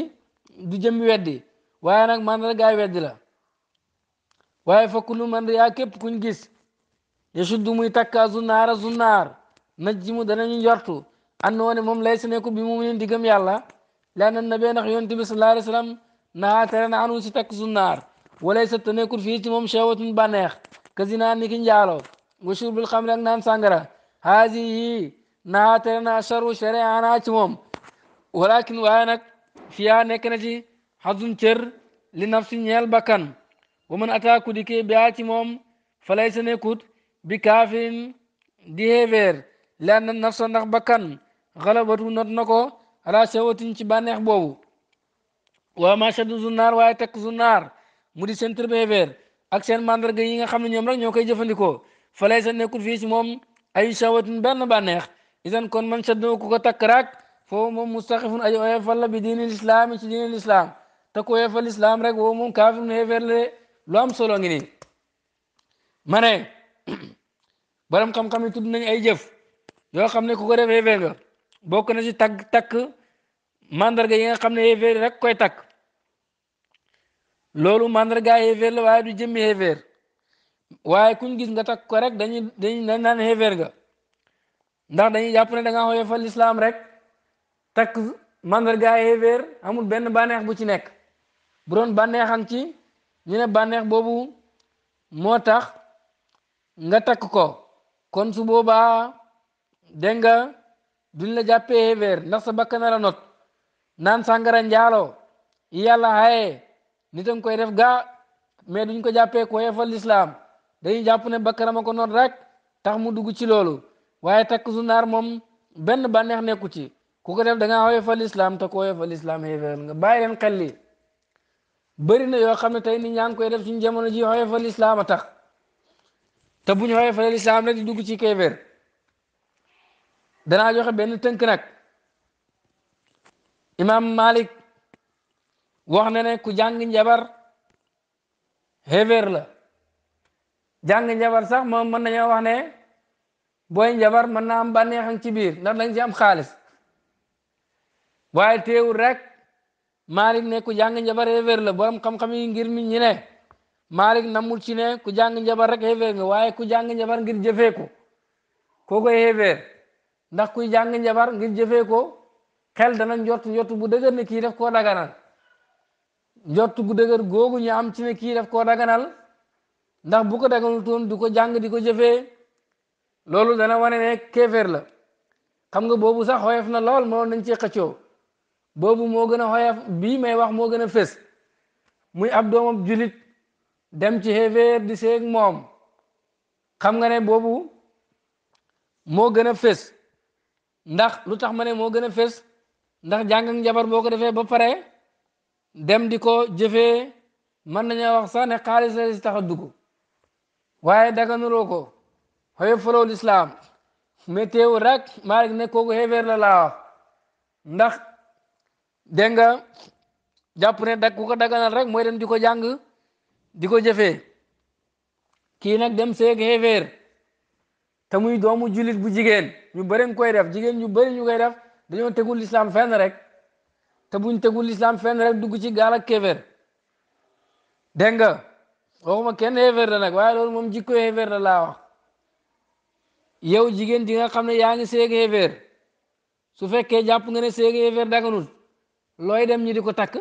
du jëmmi weddi waaye nag mandargaay weddi la waaye fa kullu man yaa képp kuñ gis yasuddu muy naar zunaara zunaar najjimu danañu njortu an ne moom lay si nekku bi mu nin diggam yàlla lan nabi ndax yonent bi sallallahu alayhi wa sallam naa tere na anu si takk zunaar walay sa nekkul fii ci moom shawatun bànneex kazinaa ni ki njaalo wa shurbil xamri ak naan sàngara haasi yi naa tere na sharu sharia naa moom walakin waaye nag fiyaa nekk na ci xasun cër li nafsi ñeel bakkan wa man ataaku di kee biaa ci moom falay sa nekkut bi kaafirin di xéeféer laan na nafsa ndax bakkan xalabatu not na ko ala shawatin ci bànneex boobu waa ma shaddu zunnaar waaye takk zunnaar mu di seen tërbe ak seen mandarga yi nga xam ne ñoom rek ñoo koy jëfandikoo falay sa nekkut fii si moom ay shawatin benn bànneex isan kon man shaddu ku ko takk raak foofu moom mustaxifun aji oyof falla bi diinil islaam ci diinil islaam takoye fel islam rek wo mum kafir ne verle lu am solo ngi ni ma ne borom xam-xam yi tudd nañ ay jëf yoo xam ne ku ko def xéeféer nga bokk na ci tagg takk mandarga yi nga xam ne xéeféer rek koy takk loolu mandarga xéeféer la waaye du jëmmi xéeféer waaye kuñ gis nga takk ko rek dañuy dañuy dañ naan xéeféer nga ndax dañuy jàpp ne da ngaa xoyofal lislaam rek takk mandarga xéeféer amul benn bànneex bu ci nekk bu doon bànneexam ci ñu ne bànneex boobu moo tax nga takk ko kon su boobaa dégg nga duñ la jàppee weer ndax sa bakk na la not naan sàngara njaaloo yàlla haye nit a koy def gaa mais duñ ko jàppee ko yefal lislaam dañuy jàpp ne bakkanam a ko not rek tax mu dugg ci loolu waaye takk naar moom benn bànneex nekku ci ku ko def da ngaa woyofal lislaam te ko woyofal lislaam xéeféer nga bàyyi leen xel li bari na yoo xam ne tey nit ñaan koy def suñu jamono ji xoyofal lislaam a tax te bu ñu xoyofalee lislaam rek di dugg ci kéeféer danaa joxe benn tënk nag imaam Malik wax na ne ku jàng njabar xéeféer la jàng njabar sax moom mën nañoo wax ne booy njabar mën naa am bànneexam ci biir ndax dañ ci am xaalis waaye teewul rek maarik ne ku jàng njabar xéeféer la borom xam-xam yi ngir mi ñi ne Malik namul ci ne ku jàng njabar rek xéeféer nga waaye ku jàng njabar ngir jëfee ko kooku ndax kuy jàng njabar ngir jëfee ko xel dana njort njort bu dëgër ne kii def koo daganal njort bu dëgër googu ñu am ci ne kii def koo daganal ndax bu ko daganul toon du ko jàng di ko jëfee loolu dana wane ne kéeféer la xam nga boobu sax xoyof na lool mënoon nañ cee xëccoo boobu moo gën a xoyof bii may wax moo gën a fés muy ab doomam julit dem ci xéeféer di seeg moom xam nga ne boobu moo gën a fés ndax lu tax ma ne moo gën a fés ndax jàng ak njabar boo ko defee ba pare dem di ko jëfee mën nañoo wax sax ne xaalis la si tax a dugg waaye daganuloo ko xoyo faloo lislaam mais teewul rek maa ne kooku xéeféer la laa wax ndax dégg nga jàpp ne dag ku ko daganal rek mooy dem di ko jàng di ko jëfee kii nag dem seeg xeefeer te muy doomu jullit bu jigéen ñu bëri nga koy def jigéen ñu bëri ñu koy def dañoo tegul lislaam rek te buñ tegul lislaam fenn rek dugg ci gaal ak kéefeer dégg nga ma kenn xeefeer la nag waaye loolu moom jikko xeefeer la laa wax yow jigéen di nga xam ne yaa ngi seeg xeefeer su fekkee jàpp nga ne seeg xeefeer daganul looy dem ñi di ko takk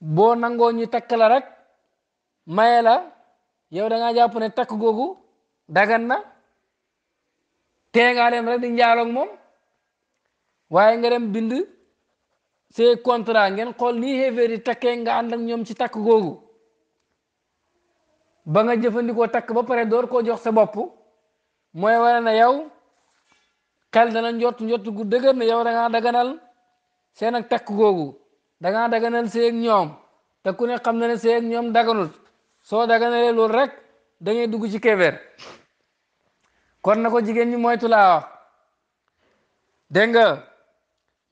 boo nangoo ñu takk la rek maye la yow da jàpp ne takk googu dagan na teegaa dem rek di njaaloog moom waaye nga dem bind see contrat ngeen xool nii xéeféer yi takkee nga ànd ak ñoom ci takk googu ba nga jëfandikoo takk ba pare door koo jox sa bopp mooy wane na yow xel dana njott njott gu dëgër na yow da ngaa daganal seen ak takk googu dangaa daganal sëy ñoom te ku ne xam na ne ñoom daganul soo daganalee loolu rek da ngay dugg ci kéeféer kon na ko jigéen ñi moytu laa wax dégg nga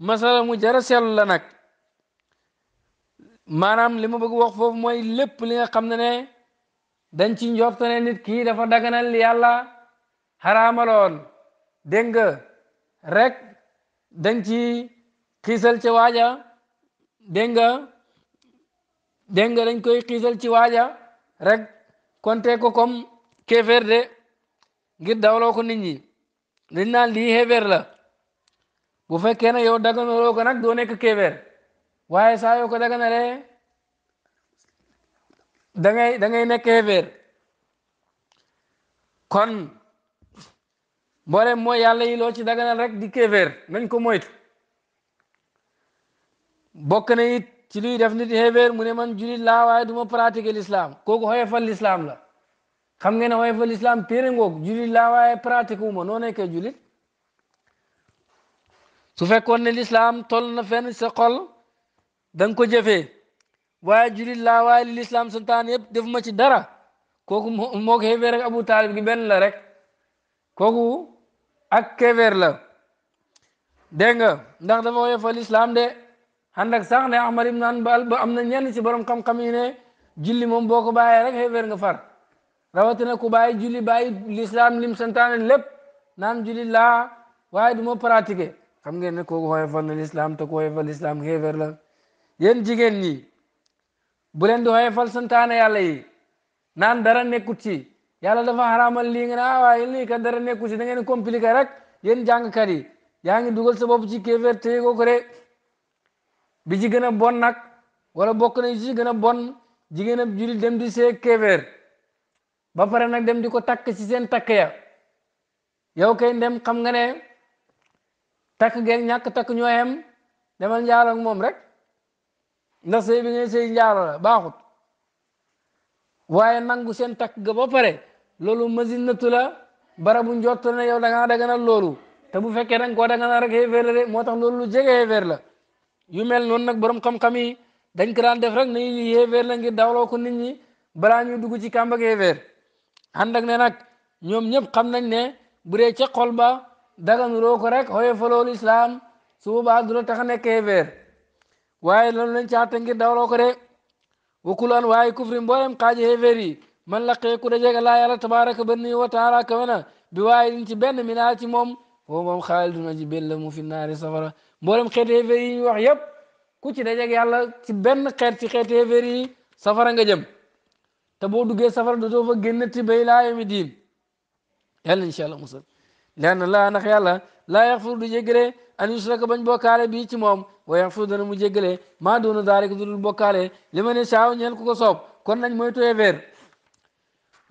masala mu jara seetlu la nag maanaam li ma bëgg wax foofu mooy lépp li nga xam ne ne dañ ci njorte ne nit kii dafa daganal yàlla xaraamaloon dégg nga rek dañ ci xiisal ci waaja dégg nga dégg nga dañ koy xiisal ci waaja rekk konte ko comme kéeféer de ngir dawloo ko nit ñi dañ naan lii xéeféer la bu fekkee ne yow daganaloo ko nag doo nekk kéeféer waaye saa yoo ko daganalee dangay ngay da nekk xéeféer kon mboolem mooy yàlla yi loo ci daganal rek di kéeféer nañ ko moyt bokk it ci liy def nit xeeféer mu ne man julit laa waaye duma pratiquer l'islam kooku xoyefal l'islam la xam ngeen ne xoyefal l'islam péere ngoog julit laa waaye pratique wu ma noo nekkee julit su fekkoon ne l'islam toll na fenn sa xol dang ko jëfee waaye julit laa waaye li l'islam santaan yëpp def ma ci dara kooku moo ko xeeféer ak abou talib gi benn la rek kooku ak xeeféer la dégg nga ndax dafa xoyefal l'islam de ànd ak sax ne Ahmad ibn Hanbal ba am na ñenn ci borom xam-xam yi ne julli moom boo ko bàyyee rek xëy nga far rawatina ku bàyyi julli bàyyi lislaam lim santaane lépp na julli la waaye du ma pratiqué xam ngeen ne kooku xoyofal na lislaam te ku xoyofal lislaam xéeféer la yéen jigéen ñi bu leen di xoyofal santaane yàlla yi naan dara nekkut ci yàlla dafa a lii nga ne a ah, waaye lii kat dara nekkut ci da ngeen compliqué rek yéen jàngkat yi yaa ngi dugal sa ci kéeféer téye ko ko bi ci gën a bon nag wala bokk na ci gën a bon jigéen ab jullit dem di see kéeféer ba pare nag dem di ko takk ci seen takk ya yow kay dem xam nga ne takk geeg ñàkk takk ñoo yem demal njaalo moom rek ndax sëy bi ngay sëy njaalo la baaxut waaye nangu seen takk ga ba pare loolu masinatu la barabu njott la na yow da ngaa daganal loolu te bu fekkee da nga koo daganal rek xeefeer la de moo tax loolu lu jege xeefeer la yu mel noonu nag borom xam-xam yi dañ ko def rek ne ñu yéeféer la ngir dawloo ko nit ñi balaa ñuy dugg ci kàmbag yéeféer ànd ne nag ñoom ñëpp xam nañ ne bu dee ca xol ba daganuroo ko rek xooye fa loolu islaam su boobaa du la tax a nekk yéeféer waaye loolu lañ caate ngir dawloo ko de wakul waaye kufri mboolem xaaji yéeféer yi man laqee ku dajeeg laa yàlla tabaaraka ba nii wa taala kawe na bi waaye din ci benn minaar ci moom foofu moom xaalidun aji bel la mu fi naari mboolem xeeti xéeféer yi ñu wax yépp ku ci dajeeg yàlla ci benn xeet ci xeeti xéeféer yi safara nga jem te boo duggee safara dootoo fa génnati bay laa yawmi diin yàlla incha allah musal lenn laa ndax yàlla laa yaxfir du jéggale an yusraka bañ bokkaale bii ci moom wa yaxfir dana mu jéggale maa doona daalik du dul bokkaale li ma ne saaw ñeel ku ko soob kon nañ mooy toye veer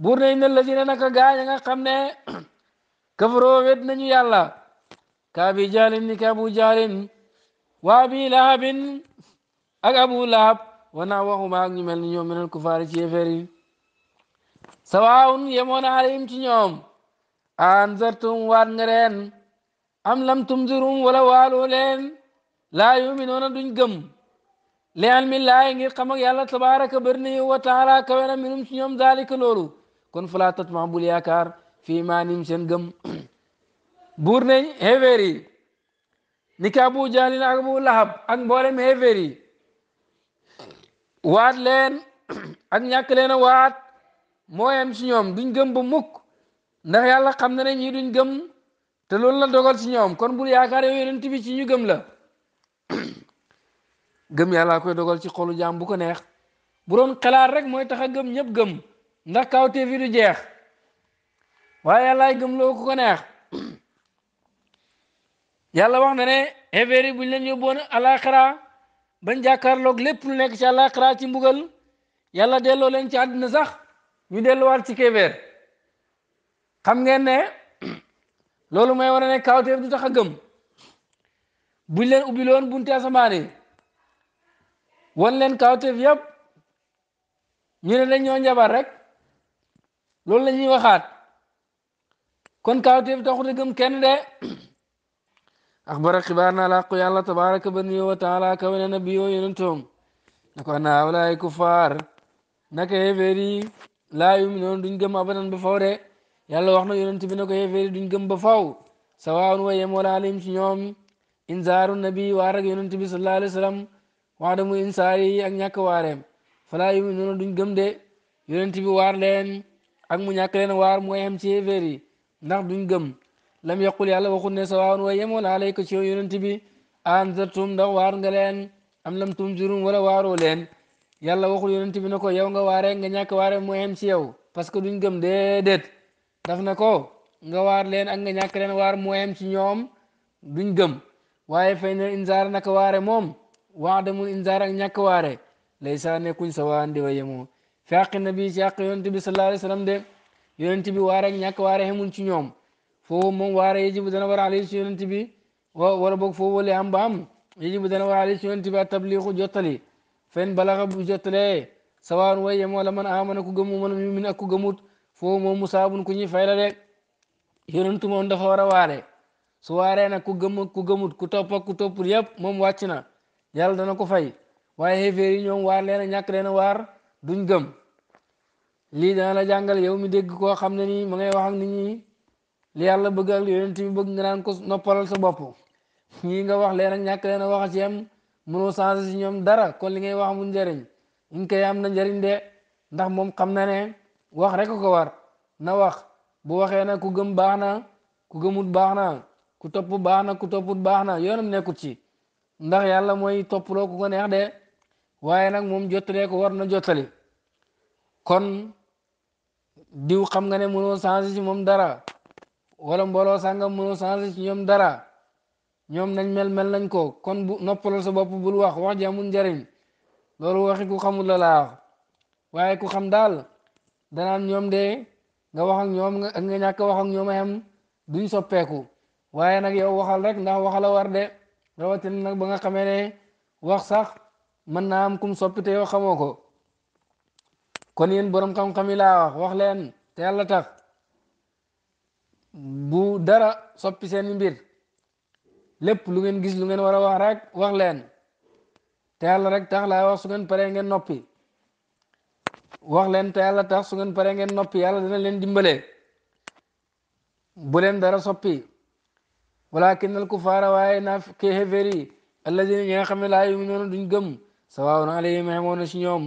buur nañ ne la dina nga xam ne kafaroo wet nañu yàlla كابي جال كابو جال وابي لهب أقابو لهب ونعوهما أجمل نيوم من الكفار تيفري سواء يمون عليهم تنيوم أنزرتم وانغرين أم لم تمزرون ولا والو لين لا يؤمنون دنجم لعلم الله إنه قمك يالله تبارك برني وتعالى كوانا منهم تنيوم ذلك لولو كن فلا تتمع بوليا كار فيما نمسن buur nañ xeefeer yi ni ki abu jahlin ak abu lahab ak mboolem xeefeer waat leen ak ñàkk leen waat moo yem si ñoom duñ gëm ba mukk ndax yàlla xam na ne ñii duñ gëm te loolu la dogal si ñoom kon bul yaakaar yow yonent bi ci ñu gëm la gëm yàlla koy dogal ci xolu jaam bu ko neex bu doon xalaat rek mooy tax a gëm ñëpp gëm ndax kawteef yi du jeex waaye yàllaay gëm loo ko ko neex yàlla wax na ne xefeer eh, yi bu ñu leen yóbboon alaxira bañ jàkkaarloog lépp lu nekk ci alaxira ci mbugal yàlla delloo leen ci àddina sax ñu delluwaat ci kéefeer xam ngeen ne loolu mooy wane ne kawteef du tax a gëm buñ leen ubbi loon bunte asamaan yi wan leen kawteef yëpp ñu ne dañ ñoo njabar rek loolu la ñuy waxaat kon kawteef taxut a gëm kenn de axbara xibaar na làqu yàlla tabaraka ba niyo wa taala kawe na nabiyoo yonentoom ne ko ana awlaay kufaar naka xéeféer yi laa yuminoon duñ gëm abadan ba faw de yàlla wax na yonent bi ne ko xéeféer gëm ba faw sawaawun wa yemoo la alim ci ñoom inzaaru nabi waar ak yonent bi sallallahu alayhi wa sallam wax damu insaar yi ak ñàkk waareem falaa yuminoon duñ gëm de yonent bi waar leen ak mu ñàkk leen waar mooy xam ci xéeféer yi ndax duñ lam yaqul yàlla waxut ne sawaaun way yemoon alayka ci yow yonent bi anzartum ndax waar nga leen am lam tunzirum wala waaroo leen yàlla waxul yonent bi ne ko yow nga waaree nga ñàkk waaree mu yem ci yow parce que duñ gëm déedéet daf na ko nga waar leen ak nga ñàkk leen waar mu yem ci ñoom duñ gëm waaye fay na inzaar naka waare moom wax demul inzaar ak ñàkk waare lay saa nekkuñ sa waan di wa yemoo fi àq nabi ci àq yonent bi sallallahu alayhi wa sallam de yonent bi waare ak ñàkk waare xemul ci ñoom foofu moom waare yajibu dana war alayhi si yonent bi wala boog foofu wali am ba am yajibu dana war alayhi si a bi tabliixu jottali fen balaxa bu jottalee sawaan way yem wala man amana ku gëmu man yumin ak ku gëmut foofu moom ku ñuy de yonent moom dafa war a waare su waaree nag ku gëm ku gëmut ku topp ak ku toppul yëpp moom wàcc na yàlla dana ko fay waaye xéeféer yi ñoom waar leen a ñàkk leen waar duñ gëm lii dana la jàngal yow mi dégg koo xam ne nii ma ngay wax ak li yàlla bëgg ak yonent bi bëgg nga naan ko noppalal sa bopp ñii nga wax leen ak ñàkk leen a wax ci yam mënoo changé si ñoom dara ko li ngay wax amul njëriñ ñu koy am na njëriñ de ndax moom xam na ne wax rek ko war na wax bu waxee na ku gëm baax na ku gëmut baax na ku topp baax na ku topput baax na yoonam nekkut ci ndax yàlla mooy toppaloo ku ko neex de waaye nag moom jottalee ko war na jottali kon diw xam nga ne mënoo changé si moom dara wala mbooloo sàngam mënoo changé ci ñoom dara ñoom nañ mel mel nañ ko kon bu noppalal sa bopp bul wax wax ji amul njariñ loolu waxi ku xamul la wax waaye ku xam daal danaan ñoom de wax ak ñoom ak nga wax ak ñoom ayam duñ soppeeku waaye nag yow waxal rek ndax waxala war de rawatina nag ba nga xamee ne wax sax mën na am kum soppi te yow xamoo ko kon yéen borom xam-xam yi wax wax leen te tax. bu dara soppi seen mbir lépp lu ngeen gis lu ngeen war a wax wax leen te yàlla rek tax laa wax su ngeen paree ngeen noppi wax leen te yàlla tax su ngeen paree ngeen noppi yàlla dana leen dimbale bu leen dara soppi walaa walakin al kufaara waaye naa kee xeeféer yi alladina ñi nga xam ne laa yuminoon duñ gëm sawaawun na si ñoom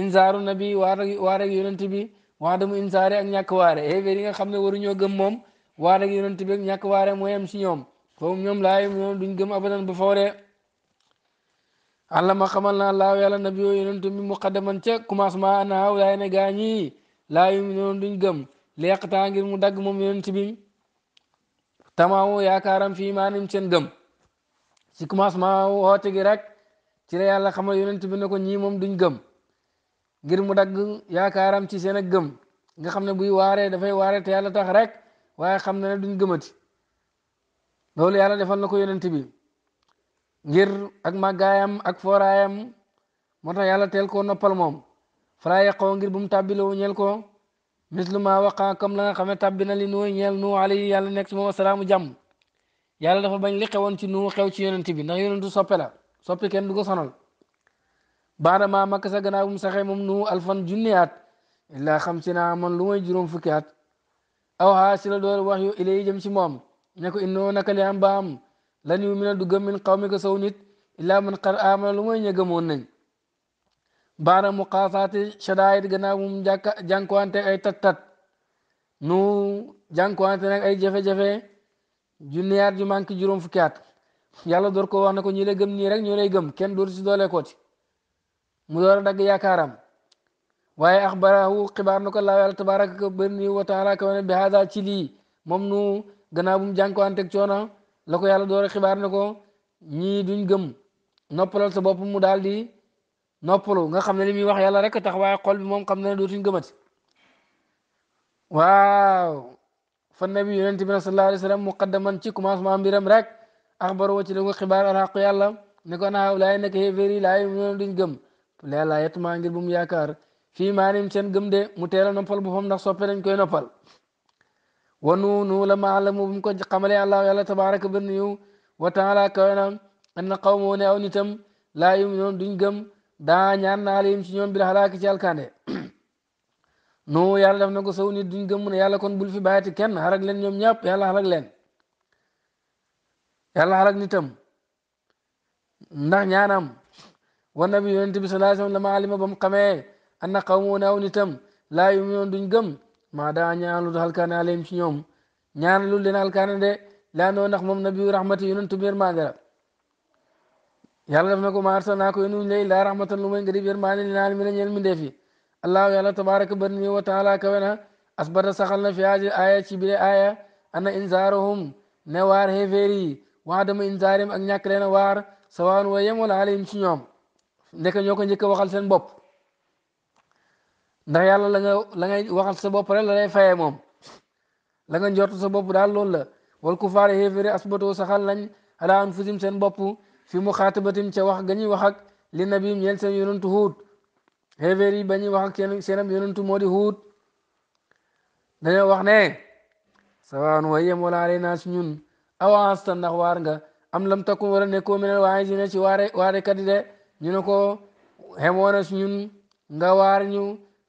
inzaaru nabi waar waar ak yonent bi wax damu inzaari ak ñàkk waare xeeféer yi nga xam ne waruñoo gëm moom waare gi yonent bi ñàkk waare mooy am si ñoom foofu ñoom laay ñoom duñ gëm abadan ba fawre àlla ma xamal naa laaw yàlla nabi yoo yonent bi muqaddaman ca commencement anaaw laay ne gaa ñi laay ñoom duñ gëm li yàqtaa ngir mu dagg moom yonent bi tamaamu yaakaaram fii maanim seen gëm si commencement woote gi rek ci la yàlla xamal yonent bi ne ko ñii moom duñ gëm ngir mu dagg yaakaaram ci seen ak gëm nga xam ne buy waaree dafay waare te yàlla tax rek waaye xam na ne duñ gëmati loolu yàlla defal na ko yonent bi ngir ak màggaayam ak fooraayam moo tax yàlla teel koo noppal moom falaa yaqoo ngir bu mu tàbbiloo ñeel ko mislu ma waqa comme la nga xam ne tàbbi na li nu ñeel nuu alayhi yàlla nekk ci moom asalaamu jàmm yàlla dafa bañ li xewoon ci nu xew ci yonent bi ndax yonentu soppe soppeela soppi kenn du ko sonal baada maa makk sa gannaaw bu mu saxee moom nuu alfan junni at illaa xam si naa man lu may juróom fukki at aw xaa si la wax yu ilay jëm si moom ne ko innoo naka li am ba lan yu mina du gëm min xaw mi ko saw nit illaa man xar aamana lu mooy ña gëmoon nañ baara mu xaasaati shadaayit gannaaw mum jàkka jànkuwante ay tat-tat nu jànkuwante nag ay jafe-jafe junniyaat ju manque juróom fukki at yàlla door ko wax ne ko ñi la gëm nii rek ñoo lay gëm kenn door si doole kooti mu door a dagg yaakaaram waaye axbarahu xibaar na ko laa yàlla tabaraka bëri wa taala kawane hada ci lii moom nu gannaaw bu mu jànkuwanteeg coona la ko yàlla doore xibaar na ko ñii duñ gëm noppalal sa bopp mu daal di noppalu nga xam ne li muy wax yàlla rek tax waaye xol moom xam na ne dootuñ gëmati waaw fan nabi yonent bi sallallahu alayhi wa sallam muqaddaman ci commencement mbiram rek axbaru ci la ko xibaar alxaq yàlla ne ko naaw laay nekk xéeféer yi laay duñ gëm leela yetuma ngir bu mu yaakaar fii maanim seen gëm de mu teel a noppal boppam ndax soppe dañ koy noppal wanu nu la ma àllamu bu mu ko xamalee àllah yàlla tabaraka benn yiw wa taala kawe na an na xaw moo ne aw nitam laa yum noonu duñ gëm daa ñaan naa la yim ci ñoom bi la xalaaki ci alkande nu yàlla def na ko saw nit duñ gëm mu ne yàlla kon bul fi bàyyati kenn xarak leen ñoom ñàpp yàlla xarak leen yàlla xarak nitam ndax ñaanam wa nabi yonente bi sallallahu alayhi wa sallam la ma alima ba mu xamee anna qawmuna aw nitam laa yuminoon duñ gëm maa daa ñaan lu halkaane alayhim ci ñoom ñaan lu leen halkaane de laa noo ndax moom nabiyu rahmati yonentu biir maa gara yàlla def na ko maar sa naa ko yónnuñ lay laa rahmatan lu may nga di biir maa ne naa mi ne ñeel mi ndeefi allahu yàlla tabaraka bari ni wa taala kawe na asbata saxal na fi haaji aaya ci bile aaya ana inzaarahum ne waar xeefeer yi waa dama inzaarim ak ñàkk leen a waar sawaan wa yem wala alayhim ci ñoom ndeke ñoo ko njëkk a waxal seen bopp ndax yàlla la la ngay waxal sa bopp rek la lay fayee moom la nga njort sa bopp daal loolu la wal ku faare xéeféri sa saxal lañ ala anfusim seen bopp fi mu xaatabatim ca wax ga ñuy wax ak li nabiim ñeel seen yonantu huut xéeféer yi ba ñuy wax ak seen seenam yonantu moo di huut dañoo wax ne sawaan wa yem wala alay naa si ñun avance ta ndax waar nga am lam takku wala nekkoo menel waaye si ne ci waare waarekat de ñu ne ko xemoona si ñun nga waar ñu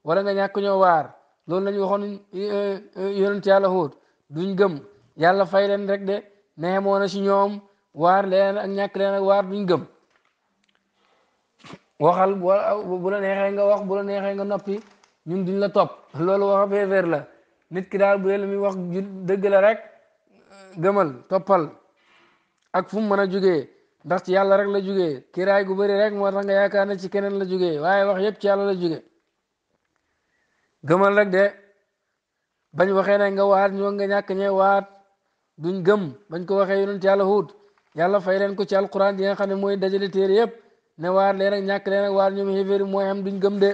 wala nga ñàkk ñoo waar loolu la ñu waxoon ci eh, eh, yàlla Huud duñ gëm yàlla fay leen rek de nee moo ci ñoom waar leen ak ñàkk leen ak waar duñ gëm waxal bu la neexee nga wax bu neexee nga noppi ñun duñ la topp loolu waxa féeféer la nit ki daal bu dee lu muy wax dëgg la rek gëmal toppal ak fu mu mën a jugee ndax ci yàlla rek la jugee kiraay gu bëri rek moo tax nga yaakaar ne ci keneen la jugee waaye wax yëpp ci yàlla la jugee gëmal rek de bañ waxee ne nga waat ñoo nga ñàkk ñee waat duñ gëm bañ ko waxee yonent yàlla Huud yàlla fay leen ko ci alquran di nga xam ne mooy dajale téere yëpp ne waat leen ak ñàkk leen ak ñoom xéeféeri mooy am duñ gëm de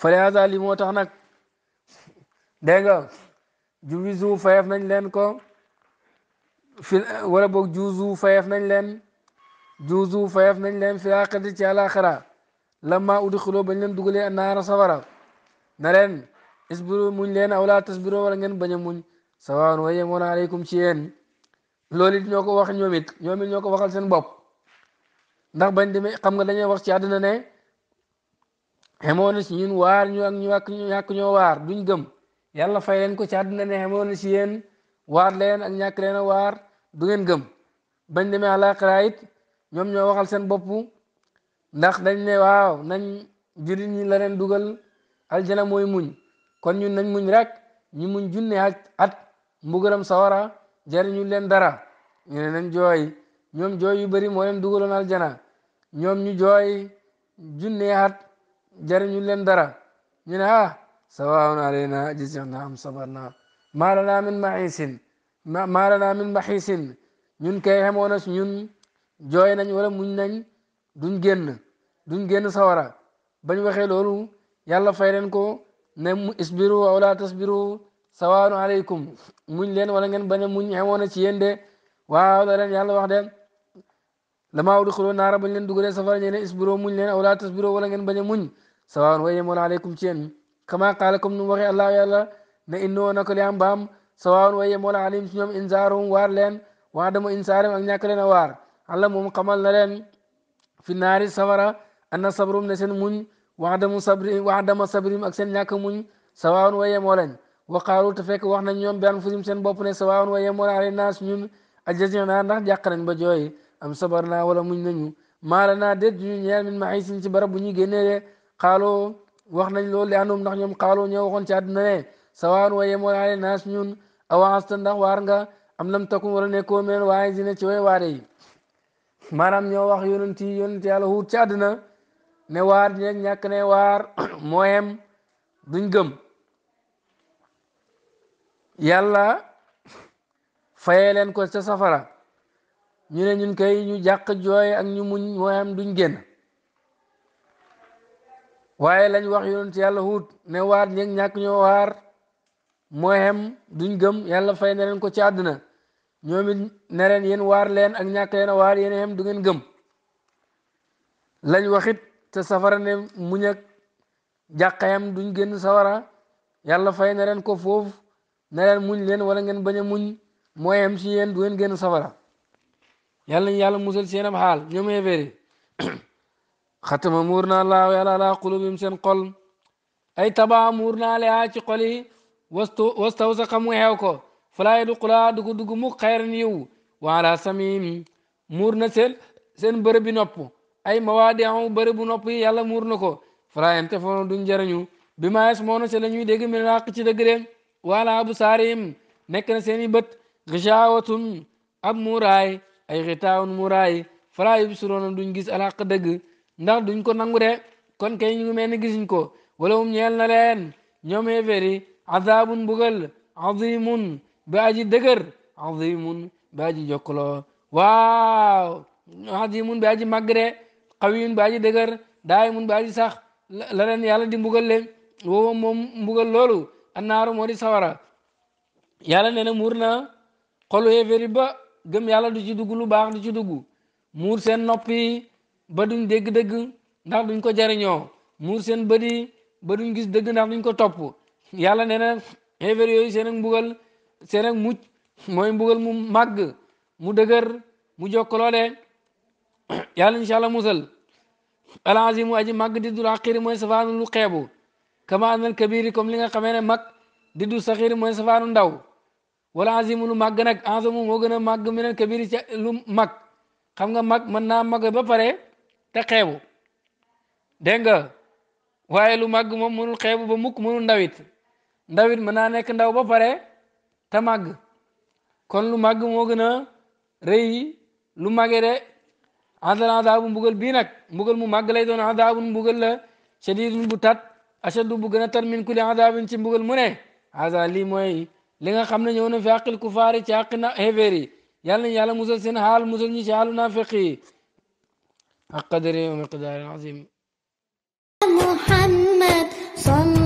falihaza li moo tax nag dégg nga juwisu fayef nañ leen ko fi wala boog juusu fayef nañ leen juusu fayef nañ leen fi àqati ci àlaxira lamma udxiloo bañ leen dugalee annaara safara na leen isbiru muñ leen aw laa tasbiru wala ngeen bañ a muñ sawaan wa yemoon aleykum ci yéen loolu it ñoo ko wax ñoom it ñoom it ko waxal seen bopp ndax bañ deme xam nga dañuy wax ci àddina ne si ñun waar ñu ak waar duñ gëm yàlla fay leen ko ci àddina ne na si yéen waar leen ak ñàkk leen waar du ngeen gëm bañ demee àllaaxira it ñoom ñoo waxal seen bopp ndax dañ ne waaw nañ jëriñ ñi la leen dugal. aljana mooy muñ kon ñun nañ muñ rek ñu muñ junne at mbugaram sawara jariñu leen dara ñu ne nañ jooy ñoom jooy yu bari moo leen dugaloon aljana ñoom ñu jooy junne at jariñu leen dara ñu ne ah sawaun alayna ajza'na am sabarna ma lana min ma'isin ma lana min mahisin ñun kay xamoon na ñun jooy nañ wala muñ nañ duñ génn duñ génn sawara bañ waxee loolu yàlla fay leen ko ne isbiru aw laa tasbiru sawaan aleykum muñ leen wala ngeen bañ a muñ xewoon na ci yéen de waaw la leen yàlla wax de lamaa udxuluu naara bañ leen dugalee safara ñee ne isbiru muñ leen aw laa tasbiru wala ngeen bañ a muñ sawaan way yemoon aleykum ci yéen kama qaala comme nu mu waxee allah yàlla ne innoo naka li am baam sawaan way yemoon alim ci ñoom inzaarum waar leen waa dama insaarim ak ñàkk leen a waar allah moom xamal na leen fi naari safara anna sabrum ne seen muñ wax damu sabri wax dama sabrim ak seen ñàkk muñ sawaawoon wa yemoo lañ fekk wax nañ ñoom bi anfusihim seen bopp ne sawaawoon wa yemoo lañ naas ñun ajazina ndax jàq nañ ba jooy am sabar naa wala muñ nañu maala naa déet ñu ñeel min maxiisin ci barab bu ñuy génnee xaaloo wax nañ loolu li ndax ñoom xaaloo ñoo waxoon ci àdduna ne wa yemoo lañ naas ñun ndax waar nga am lam takun wala nekkoo meen waaye dina ci way waare yi maanaam ñoo wax yonent yi yonent yàlla ne waar ñeeg ñàkk ne waar mooyem duñ gëm yàlla faye leen ko ca safara ñu ne ñun kay ñu jàq jooy ak ñu muñ mooyem duñ génn waaye lañ wax yonent yàlla huut ne waar ñeeg ñàkk ñoo waar mooyem duñ gëm yàlla fay ne ko ci àdduna ñoom it ne leen yéen waar leen ak ñàkk leen a waar yen hem du ngeen gëm lañ waxit te safara ne muñ ak jàqayam duñ génn sawara yàlla fay na leen ko foofu na leen muñ leen wala ngeen baña a muñ mooy am ci yéen du ngeen génn safara yàlla ñu yàlla musal seen ab xaal ñoom yéeféeri xatama muur naa laaw yàlla qulubim seen xol ay taba muur naa lehaa ci xol yi wastu wastaw sa ko falaay du xulaa dugu dugu mukk xayran yiw waala samim muur seen seen bërëb bi ay mawaadi am bëri bu nopp yi yàlla muur na ko fala yamtafoon duñ jëriñu bi ma yes moo na si la ñuy dégg min làq ci dëgg de wala abu saarim nekk na seen i bët gishaawatun ab muuraay ay xitaawun muuraay fala yubsiroona duñ gis alàq dëgg ndax duñ ko nangu de kon kay ñu ngi mel ni gisuñ ko wala um ñeel na leen ñoom yéeféeri azaabun bugal azimun bi aji dëgër azimun bi aji jokkaloo waaw azimun bi aji màgg de xawiyun baaji dëgër daay mun baaji sax la leen yàlla di mbugal leen woowa moom mbugal loolu annaaru moo sawara yàlla nee na muur na xolu ba gëm yàlla du ci dugg lu baax du ci dugg muur seen noppi ba duñ dégg dëgg ndax duñ ko jariñoo muur seen bëdi ba duñ gis dëgg ndax duñ ko topp yàlla nee na xeeféer yooyu seen ak mbugal seen ak mooy mbugal mu màgg mu dëgër mu jokkaloo yàlla incha allah musal alazimu aji màgg di dul mooy safaanu lu xeebu kama anal kabiri comme li nga xamee ne mag di dul saxiri mooy safaanu ndaw wala azimu lu màgg nag azamu moo gën a màgg minal kabiri ca lu mag xam nga mag mën naa màgg ba pare te xeebu dégg nga waaye lu màgg moom mënul xeebu ba mukk mënul ndawit ndawit mën naa nekk ndaw ba pare te màgg kon lu màgg moo gën a lu màggee de adana adaabu mbugal bii nag mbugal mu màgg lay doon adaabun mbugal la shadidun bu tat ashaddu bu gën a tar min kulli adaabin ci mbugal mu ne hada lii mooy li nga xam ne ñëw na fi àqil kufaari ci àqi na xeeféer yi yàlla nañ yàlla musal seen xaal musal ñi ci xaalu naafiq yi ak qadari wa miqdaari azim Muhammad